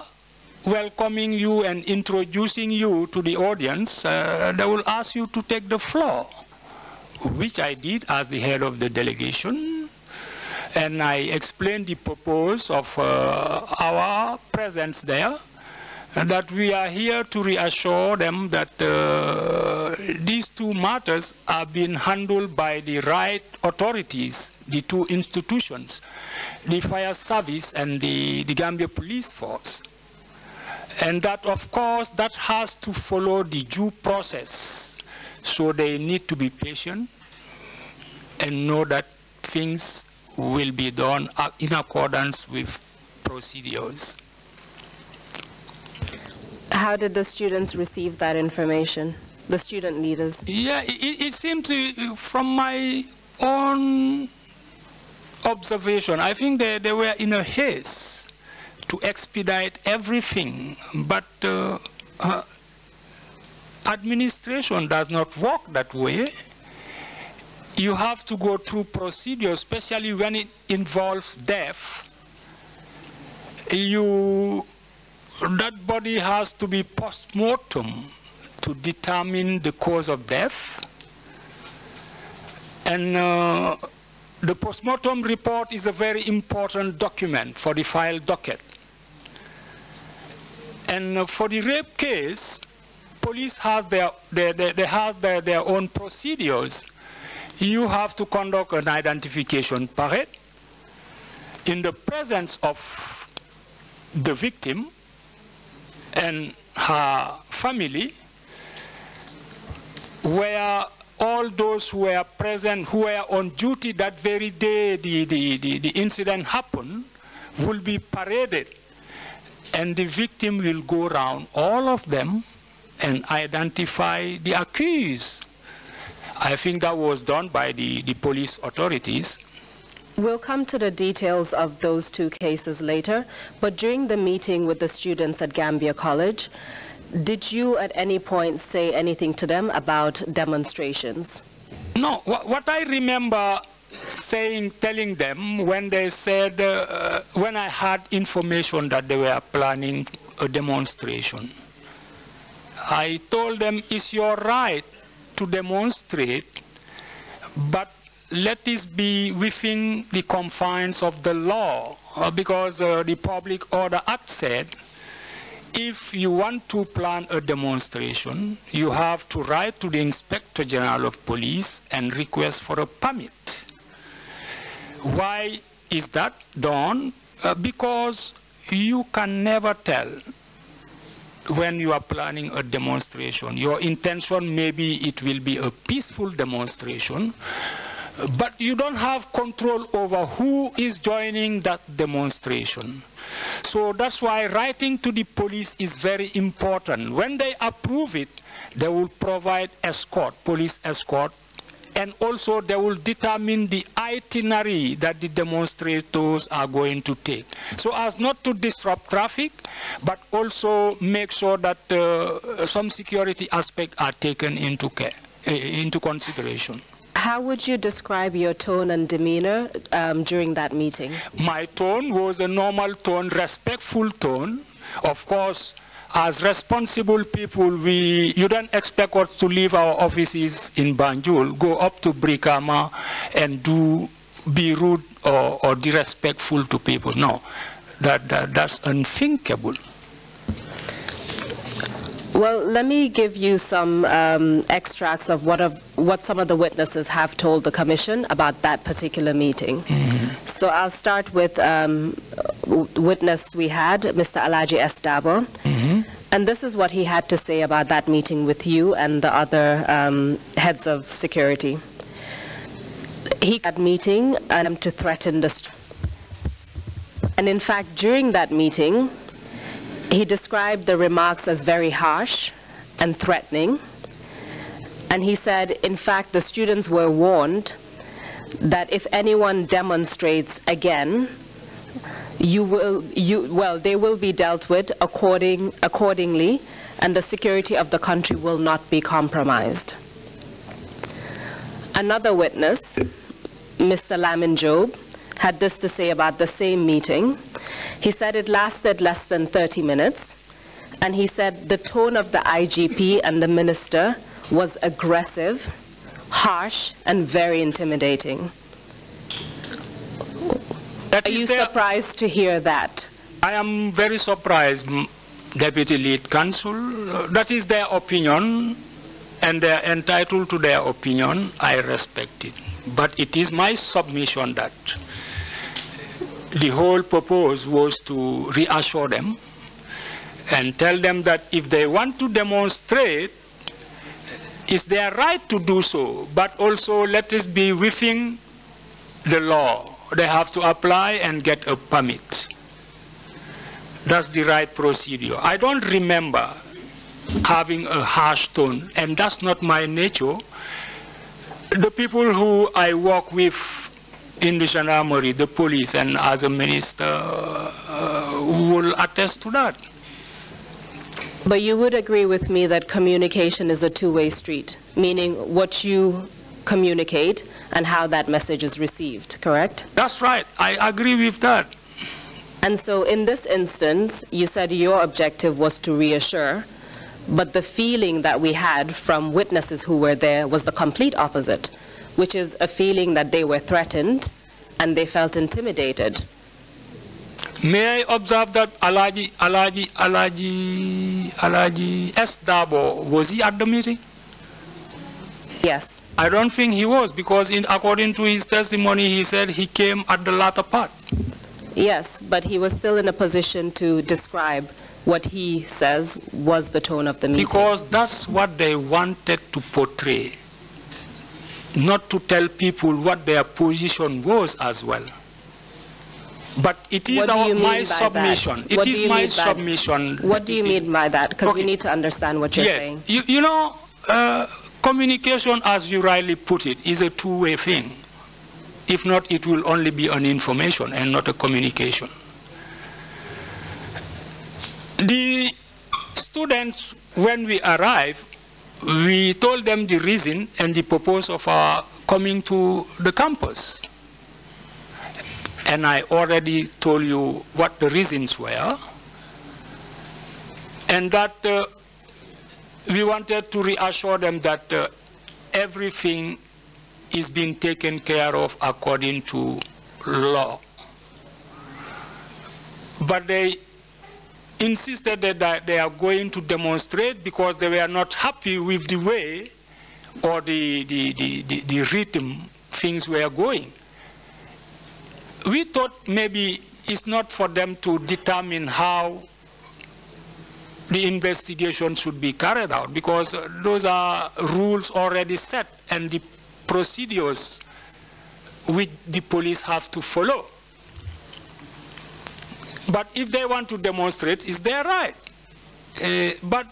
welcoming you and introducing you to the audience, uh, they will ask you to take the floor, which I did as the head of the delegation. And I explained the purpose of uh, our presence there, that we are here to reassure them that uh, these two matters are being handled by the right authorities, the two institutions, the fire service and the, the Gambia police force. And that, of course, that has to follow the due process. So they need to be patient and know that things will be done in accordance with procedures. How did the students receive that information, the student leaders? Yeah, it, it seemed to, from my own observation, I think they, they were in a haste to expedite everything, but uh, uh, administration does not work that way. You have to go through procedures, especially when it involves death. You, that body has to be post-mortem to determine the cause of death. And uh, the postmortem report is a very important document for the file docket. And for the rape case, police have their, their their they have their, their own procedures. You have to conduct an identification parade in the presence of the victim and her family, where all those who were present, who were on duty that very day the, the, the, the incident happened, will be paraded and the victim will go around all of them and identify the accused. I think that was done by the, the police authorities. We'll come to the details of those two cases later, but during the meeting with the students at Gambia College, did you at any point say anything to them about demonstrations? No, what I remember saying, telling them when they said, uh, uh, when I had information that they were planning a demonstration. I told them, it's your right to demonstrate, but let this be within the confines of the law, uh, because uh, the Public Order Act said, if you want to plan a demonstration, you have to write to the Inspector General of Police and request for a permit why is that done? Uh, because you can never tell when you are planning a demonstration. Your intention maybe it will be a peaceful demonstration, but you don't have control over who is joining that demonstration. So that's why writing to the police is very important. When they approve it, they will provide escort, police escort and also they will determine the itinerary that the demonstrators are going to take. So as not to disrupt traffic, but also make sure that uh, some security aspects are taken into, care, uh, into consideration. How would you describe your tone and demeanor um, during that meeting? My tone was a normal tone, respectful tone. Of course, as responsible people, we, you don't expect us to leave our offices in Banjul, go up to Brikama and do, be rude or, or disrespectful to people. No, that, that, that's unthinkable. Well, let me give you some um, extracts of what, what some of the witnesses have told the commission about that particular meeting. Mm -hmm. So I'll start with um, witness we had, Mr. Alaji Estabo. Mm -hmm. And this is what he had to say about that meeting with you and the other um, heads of security. He had meeting and um, to threaten the... And in fact, during that meeting, he described the remarks as very harsh and threatening. And he said, in fact, the students were warned that if anyone demonstrates again, you will, you, well, they will be dealt with according, accordingly, and the security of the country will not be compromised. Another witness, Mr. Lamin Job, had this to say about the same meeting. He said it lasted less than 30 minutes, and he said the tone of the IGP and the minister was aggressive, harsh, and very intimidating. That Are you surprised to hear that? I am very surprised, Deputy Lead Counsel. That is their opinion, and they are entitled to their opinion. I respect it. But it is my submission that the whole purpose was to reassure them and tell them that if they want to demonstrate, it's their right to do so, but also let us be within the law. They have to apply and get a permit. That's the right procedure. I don't remember having a harsh tone, and that's not my nature. The people who I work with Indigenous and Armory, the police, and as a minister uh, will attest to that. But you would agree with me that communication is a two-way street, meaning what you communicate and how that message is received, correct? That's right. I agree with that. And so in this instance, you said your objective was to reassure, but the feeling that we had from witnesses who were there was the complete opposite which is a feeling that they were threatened and they felt intimidated. May I observe that Alaji, Alaji, Alaji, Alaji S. Dabo, was he at the meeting? Yes. I don't think he was because in, according to his testimony, he said he came at the latter part. Yes, but he was still in a position to describe what he says was the tone of the meeting. Because that's what they wanted to portray not to tell people what their position was as well. But it is our, my submission. It is my submission. What do you mean by that? Because okay. we need to understand what you're yes. saying. You, you know, uh, communication, as you rightly put it, is a two-way thing. If not, it will only be an information and not a communication. The students, when we arrive, we told them the reason and the purpose of our coming to the campus. And I already told you what the reasons were. And that uh, we wanted to reassure them that uh, everything is being taken care of according to law. But they insisted that they are going to demonstrate because they were not happy with the way or the, the, the, the, the rhythm things were going. We thought maybe it's not for them to determine how the investigation should be carried out because those are rules already set and the procedures which the police have to follow. But if they want to demonstrate, it's their right. Uh, but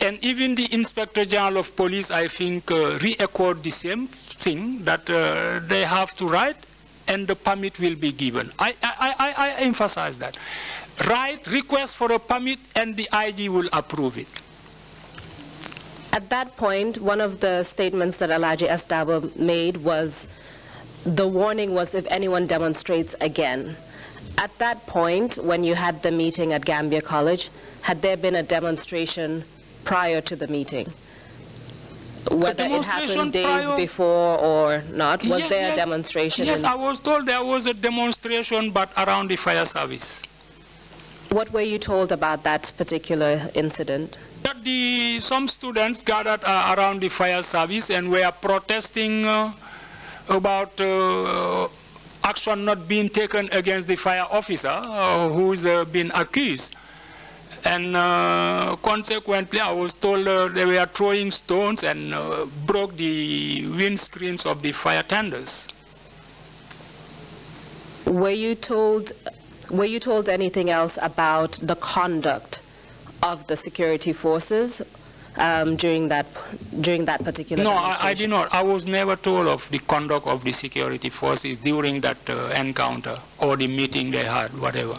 and even the Inspector General of Police, I think, uh, re-echoed the same thing that uh, they have to write, and the permit will be given. I, I, I, I emphasize that. Write request for a permit, and the IG will approve it. At that point, one of the statements that Alaji Estaba made was the warning was if anyone demonstrates again. At that point, when you had the meeting at Gambia College, had there been a demonstration prior to the meeting? Whether it happened days before or not, was yes, there a demonstration? Yes, I was told there was a demonstration, but around the fire service. What were you told about that particular incident? That the, some students gathered uh, around the fire service and were protesting uh, about uh, action not being taken against the fire officer who's uh, been accused. And uh, consequently, I was told uh, they were throwing stones and uh, broke the windscreens of the fire tenders. Were you told, were you told anything else about the conduct of the security forces um, during that during that particular. No, I, I, did not. I was never told of the conduct of the security forces during that uh, encounter or the meeting they had, whatever.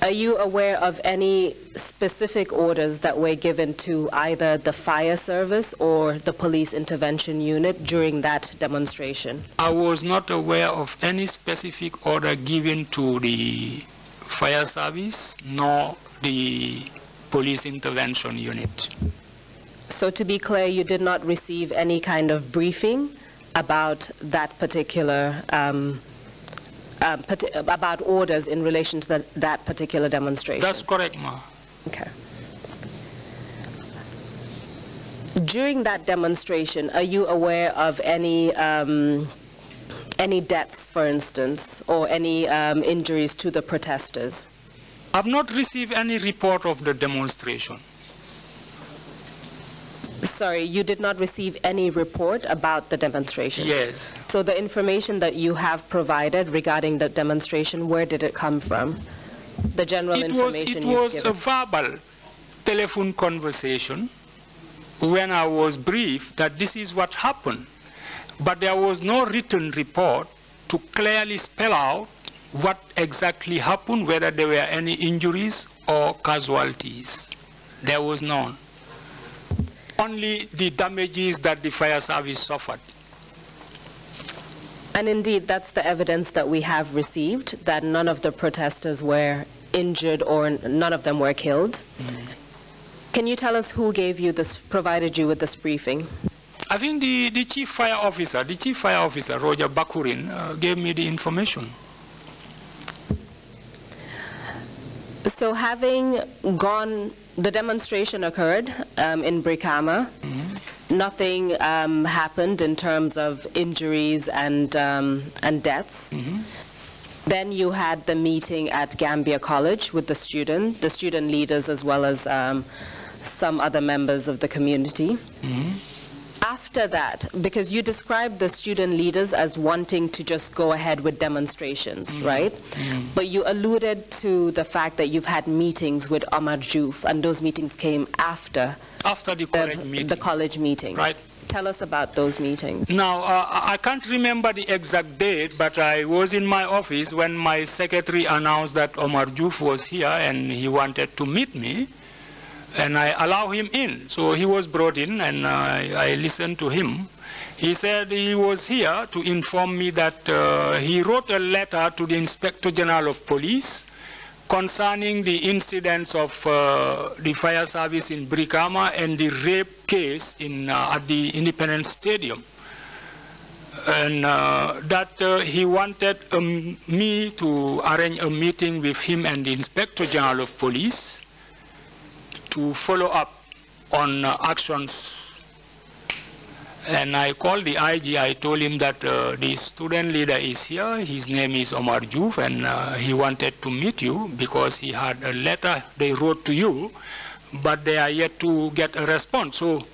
Are you aware of any specific orders that were given to either the fire service or the police intervention unit during that demonstration? I was not aware of any specific order given to the fire service nor the police intervention unit. So to be clear, you did not receive any kind of briefing about that particular, um, um about orders in relation to the, that particular demonstration? That's correct, ma. Okay. During that demonstration, are you aware of any um, any deaths, for instance, or any um, injuries to the protesters? I've not received any report of the demonstration. Sorry, you did not receive any report about the demonstration? Yes. So the information that you have provided regarding the demonstration, where did it come from? The general it information was, It was a verbal telephone conversation when I was briefed that this is what happened. But there was no written report to clearly spell out what exactly happened, whether there were any injuries or casualties. There was none only the damages that the fire service suffered. And indeed, that's the evidence that we have received, that none of the protesters were injured or none of them were killed. Mm -hmm. Can you tell us who gave you this, provided you with this briefing? I think the, the chief fire officer, the chief fire officer, Roger Bakurin, uh, gave me the information. So having gone the demonstration occurred um, in Brikama. Mm -hmm. Nothing um, happened in terms of injuries and, um, and deaths. Mm -hmm. Then you had the meeting at Gambia College with the student, the student leaders as well as um, some other members of the community. Mm -hmm after that, because you described the student leaders as wanting to just go ahead with demonstrations, mm. right? Mm. But you alluded to the fact that you've had meetings with Omar Jouf, and those meetings came after after the college the, meeting. The college meeting, right? Tell us about those meetings. Now, uh, I can't remember the exact date, but I was in my office when my secretary announced that Omar Jouf was here and he wanted to meet me and I allow him in. So he was brought in and I, I listened to him. He said he was here to inform me that uh, he wrote a letter to the Inspector General of Police concerning the incidents of uh, the fire service in Brikama and the rape case in, uh, at the Independence Stadium. And uh, that uh, he wanted um, me to arrange a meeting with him and the Inspector General of Police to follow up on uh, actions. And I called the IG, I told him that uh, the student leader is here, his name is Omar Juf, and uh, he wanted to meet you because he had a letter they wrote to you, but they are yet to get a response. So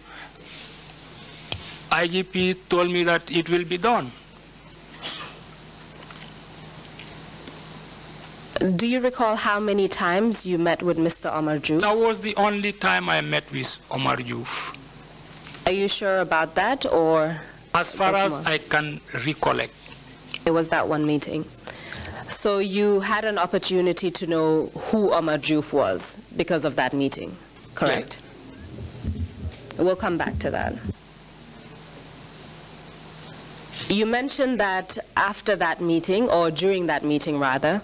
IGP told me that it will be done. Do you recall how many times you met with Mr. Omar Jouf? That was the only time I met with Omar Jouf. Are you sure about that or? As far as more? I can recollect. It was that one meeting. So you had an opportunity to know who Omar Jouf was because of that meeting, correct? We'll come back to that. You mentioned that after that meeting, or during that meeting rather,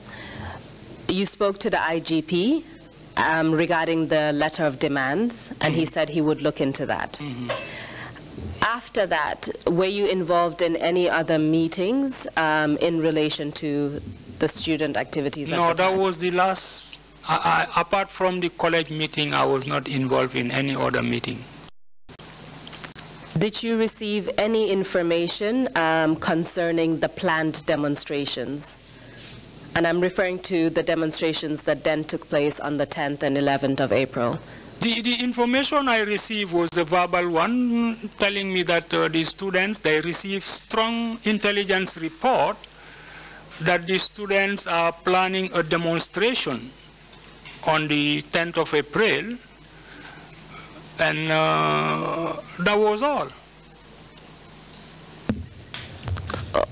you spoke to the IGP um, regarding the letter of demands, and mm -hmm. he mm-hmm. said he would look into that. Mm -hmm. After that, were you involved in any other meetings um, in relation to the student activities? No, that was the last. I, I, apart from the college meeting, I was not involved in any other meeting. Did you receive any information um, concerning the planned demonstrations? And I'm referring to the demonstrations that then took place on the 10th and 11th of April. The, the information I received was a verbal one telling me that uh, the students, they received strong intelligence report that the students are planning a demonstration on the 10th of April. And uh, that was all.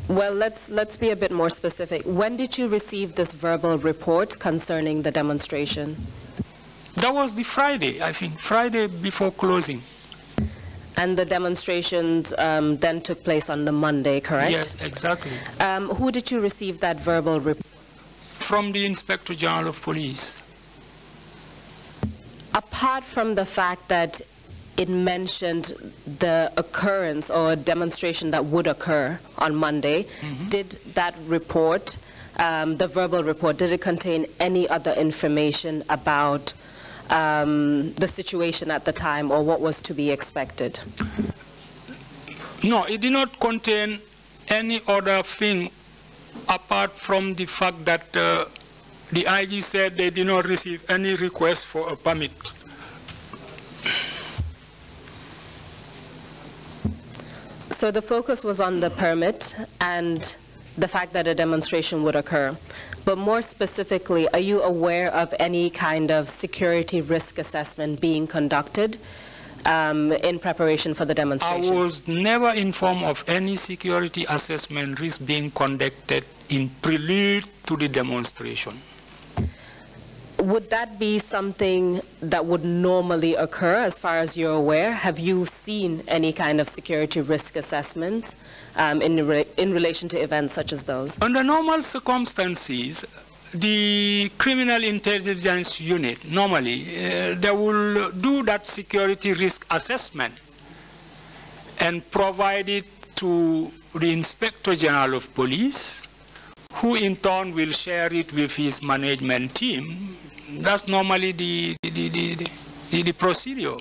Well, let's let's be a bit more specific. When did you receive this verbal report concerning the demonstration? That was the Friday, I think, Friday before closing. And the demonstrations um, then took place on the Monday, correct? Yes, exactly. Um, who did you receive that verbal report? From the Inspector General of Police. Apart from the fact that it mentioned the occurrence or demonstration that would occur on Monday. Mm-hmm. Did that report, um, the verbal report, did it contain any other information about um, the situation at the time or what was to be expected? No, it did not contain any other thing apart from the fact that uh, the IG said they did not receive any request for a permit. So the focus was on the permit and the fact that a demonstration would occur. But more specifically, are you aware of any kind of security risk assessment being conducted um, in preparation for the demonstration? I was never informed of any security assessment risk being conducted in prelude to the demonstration would that be something that would normally occur as far as you're aware? Have you seen any kind of security risk assessments um, in, re in relation to events such as those? Under normal circumstances, the criminal intelligence unit normally uh, they will do that security risk assessment and provide it to the inspector general of police who in turn will share it with his management team that's normally the, the, the, the, the procedure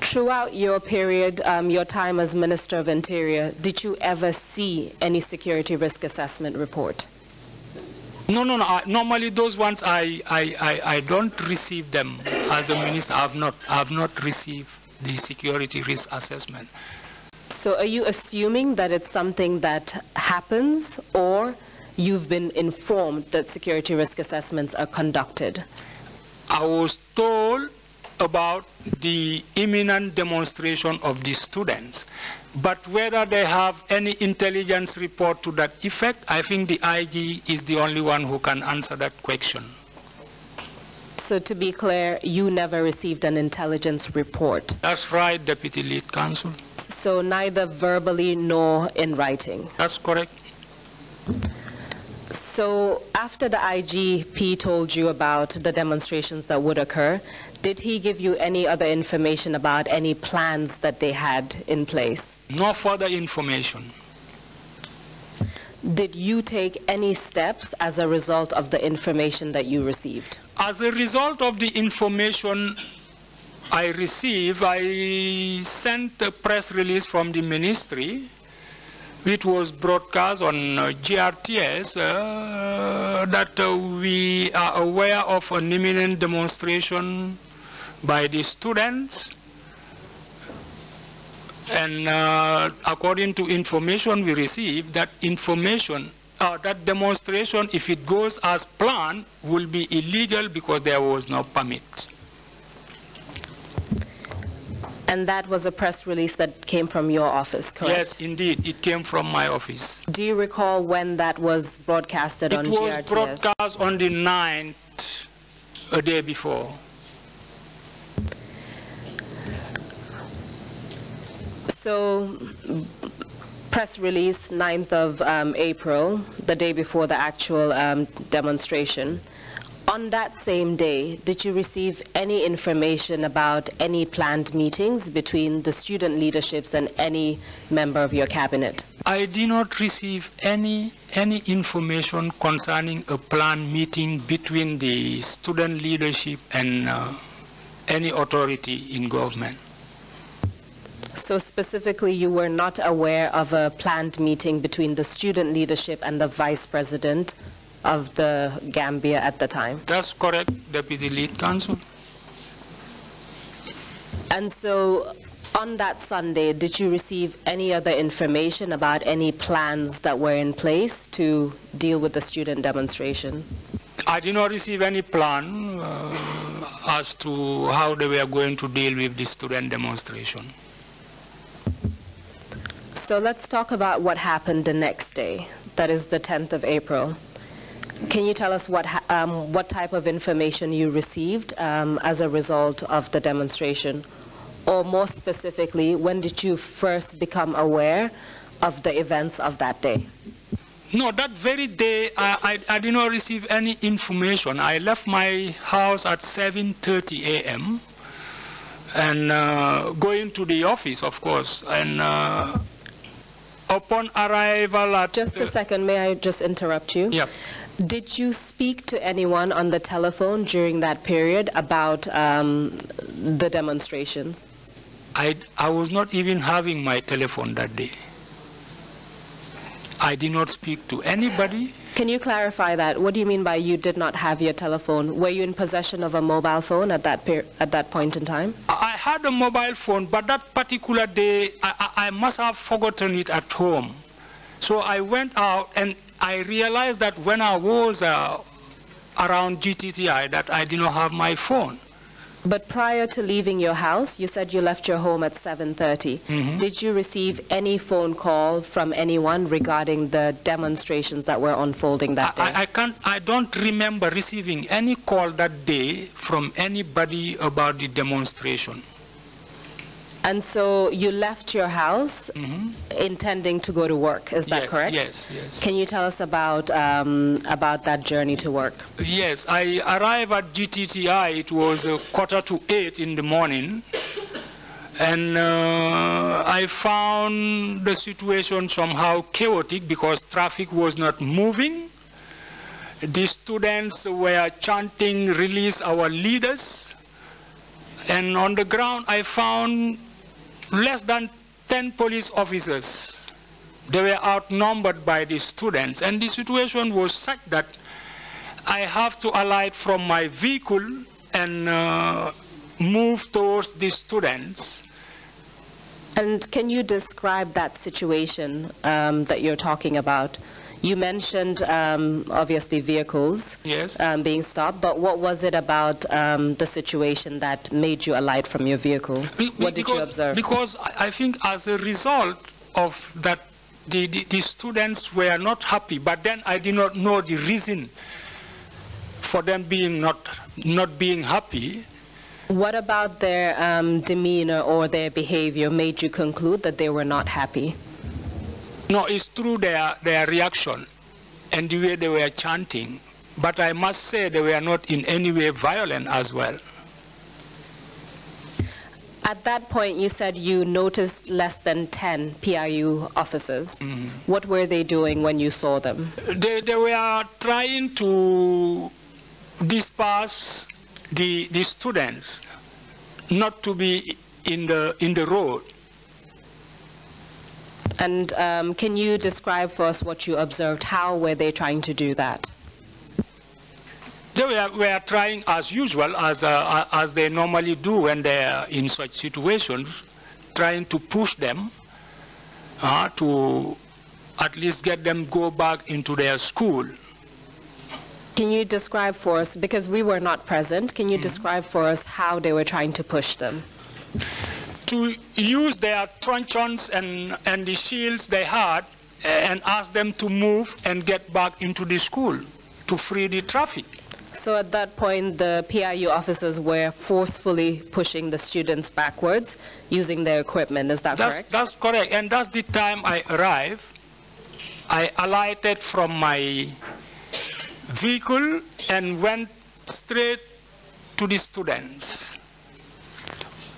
throughout your period, um, your time as Minister of Interior, did you ever see any security risk assessment report? No, no, no. I, normally, those ones I, I, I, I, don't receive them as a minister. I've not, I've not received the security risk assessment. So, are you assuming that it's something that happens, or you've been informed that security risk assessments are conducted? I was told about the imminent demonstration of the students. But whether they have any intelligence report to that effect, I think the IG is the only one who can answer that question. So to be clear, you never received an intelligence report? That's right, Deputy Lead Counsel. So neither verbally nor in writing? That's correct. So after the IGP told you about the demonstrations that would occur, did he give you any other information about any plans that they had in place? No further information. Did you take any steps as a result of the information that you received? As a result of the information I received, I sent a press release from the ministry it was broadcast on uh, GRTS uh, that uh, we are aware of an imminent demonstration by the students. And uh, according to information we received, that information, uh, that demonstration, if it goes as planned, will be illegal because there was no permit. And that was a press release that came from your office, correct? Yes, indeed. It came from my office. Do you recall when that was broadcasted it on GRTS? It was broadcast on the 9th, a day before. So, press release 9th of um, April, the day before the actual um, demonstration. On that same day, did you receive any information about any planned meetings between the student leaderships and any member of your cabinet? I did not receive any, any information concerning a planned meeting between the student leadership and uh, any authority in government. So specifically, you were not aware of a planned meeting between the student leadership and the vice president of the Gambia at the time. That's correct, Deputy Lead Counsel. And so on that Sunday, did you receive any other information about any plans that were in place to deal with the student demonstration? I did not receive any plan uh, as to how they were going to deal with the student demonstration. So let's talk about what happened the next day, that is the 10th of April. Can you tell us what, um, what type of information you received um, as a result of the demonstration? Or more specifically, when did you first become aware of the events of that day? No, that very day, I, I, I did not receive any information. I left my house at 7.30 a.m. and uh, going to the office, of course. And uh, upon arrival at... Just a second, may I just interrupt you? Yeah. Did you speak to anyone on the telephone during that period about um, the demonstrations? I, I was not even having my telephone that day. I did not speak to anybody. Can you clarify that? What do you mean by you did not have your telephone? Were you in possession of a mobile phone at that at that point in time? I had a mobile phone, but that particular day, I, I, I must have forgotten it at home. So I went out and I realized that when I was uh, around GTTI that I did not have my phone. But prior to leaving your house, you said you left your home at 7.30. Mm -hmm. Did you receive any phone call from anyone regarding the demonstrations that were unfolding that day? I, I, can't, I don't remember receiving any call that day from anybody about the demonstration. And so you left your house mm -hmm. intending to go to work. Is that yes, correct? Yes, yes. Can you tell us about um, about that journey to work? Yes, I arrived at GTTI. It was a quarter to eight in the morning, and uh, I found the situation somehow chaotic because traffic was not moving. The students were chanting, "Release our leaders." And on the ground, I found less than 10 police officers. They were outnumbered by the students, and the situation was such that I have to alight from my vehicle and uh, move towards the students. And can you describe that situation um, that you're talking about? You mentioned um, obviously vehicles yes. um, being stopped, but what was it about um, the situation that made you alight from your vehicle? Be what because, did you observe? Because I think as a result of that, the, the, the students were not happy, but then I did not know the reason for them being not, not being happy. What about their um, demeanor or their behavior made you conclude that they were not happy? No, it's through their, their reaction and the way they were chanting. But I must say they were not in any way violent as well. At that point, you said you noticed less than 10 PIU officers. Mm -hmm. What were they doing when you saw them? They, they were trying to disperse the, the students not to be in the, in the road and um, can you describe for us what you observed? How were they trying to do that? They were, were trying, as usual, as, uh, as they normally do when they are in such situations, trying to push them uh, to at least get them go back into their school. Can you describe for us, because we were not present, can you mm -hmm. describe for us how they were trying to push them? to use their truncheons and, and the shields they had eh, and ask them to move and get back into the school to free the traffic. So at that point, the PIU officers were forcefully pushing the students backwards using their equipment. Is that that's, correct? That's correct. And that's the time I arrived. I alighted from my vehicle and went straight to the students.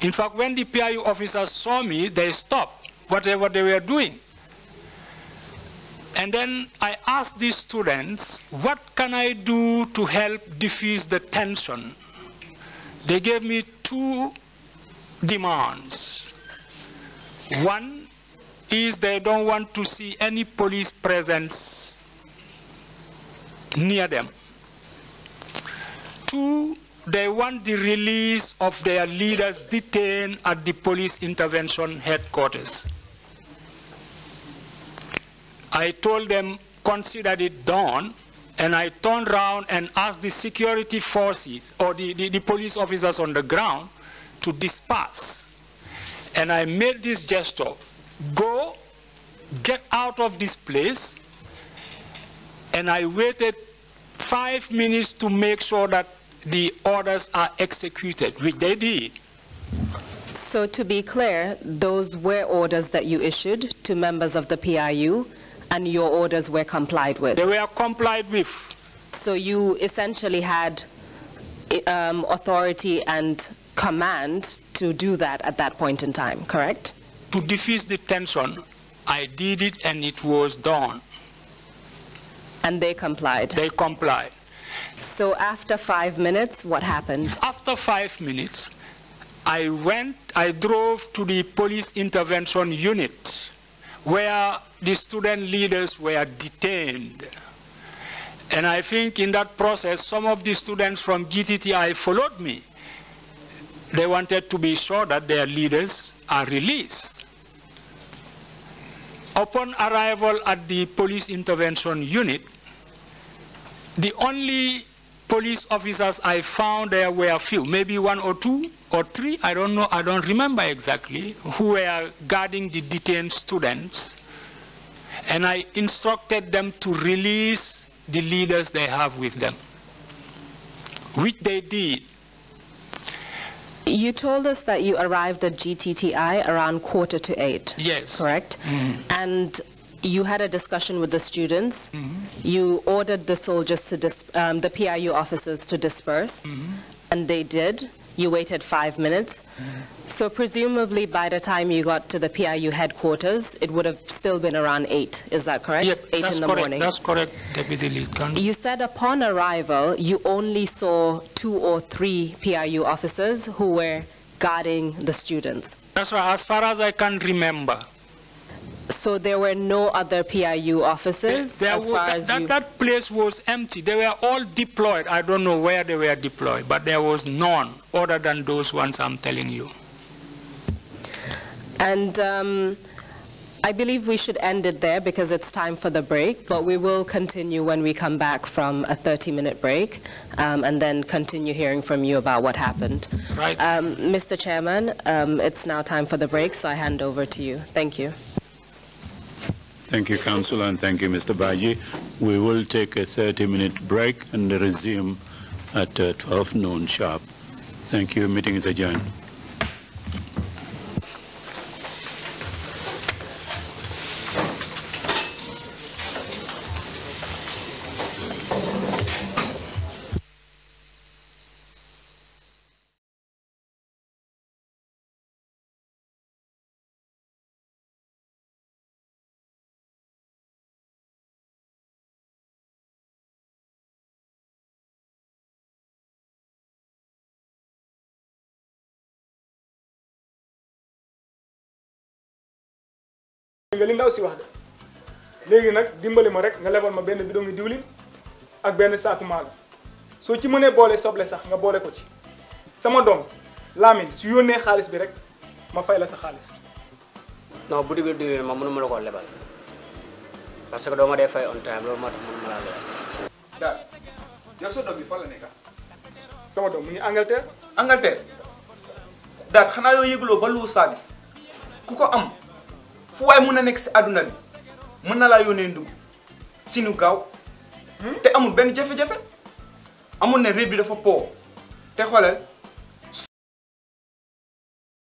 In fact, when the PIU officers saw me, they stopped whatever they were doing. And then I asked these students, what can I do to help diffuse the tension? They gave me two demands. One is they don't want to see any police presence near them. Two, they want the release of their leaders detained at the police intervention headquarters. I told them, consider it done, and I turned around and asked the security forces or the, the, the police officers on the ground to disperse. And I made this gesture, go, get out of this place, and I waited five minutes to make sure that the orders are executed, which they did. So to be clear, those were orders that you issued to members of the PIU, and your orders were complied with? They were complied with. So you essentially had um, authority and command to do that at that point in time, correct? To diffuse the tension, I did it and it was done. And they complied? They complied. So after five minutes, what happened? After five minutes, I went, I drove to the police intervention unit where the student leaders were detained. And I think in that process, some of the students from GTTI followed me. They wanted to be sure that their leaders are released. Upon arrival at the police intervention unit, the only police officers I found there were a few, maybe one or two or three, I don't know, I don't remember exactly, who were guarding the detained students. And I instructed them to release the leaders they have with them, which they did. You told us that you arrived at GTTI around quarter to eight. Yes. Correct? Mm And you had a discussion with the students. Mm -hmm. You ordered the soldiers to, um, the PIU officers to disperse, mm -hmm. and they did. You waited five minutes. Mm -hmm. So presumably by the time you got to the PIU headquarters, it would have still been around 8, is that correct? Yes, 8 in the correct. morning. That's correct, Deputy Lead You said upon arrival, you only saw two or three PIU officers who were guarding the students. That's right, as far as I can remember. So there were no other PIU offices there, there as was, far that, as that, you... that place was empty. They were all deployed. I don't know where they were deployed, but there was none other than those ones I'm telling you. And um, I believe we should end it there because it's time for the break, but we will continue when we come back from a 30-minute break um, and then continue hearing from you about what happened. Right. Um, Mr. Chairman, um, it's now time for the break, so I hand over to you. Thank you. Thank you, Council, and thank you, Mr. Baji. We will take a 30-minute break and resume at uh, 12 noon sharp. Thank you. Meeting is adjourned. nga li ndaw si wax de léegi nag dimbali ma rek nga lebal ma benn bidon ngi diwlin ak benn saaku maalo soo ci mënee boole soble sax nga boole ko ci sama doom Lamine su yónnee xaalis bi rek ma fay la sa xaalis. non bu bi diwlin ma mënu ma la ko lebal parce que dooma ma dee fay on time loolu moo tax mënu ma laa lebal. daal sama doom mu ngi Angleterre. Angleterre daal xanaa yoo yëgloo ba lu service ku ko am. fu mon mun a nekk si àdduna bi tu si nous hmm? te amul Ben jafe-jafe amul ne te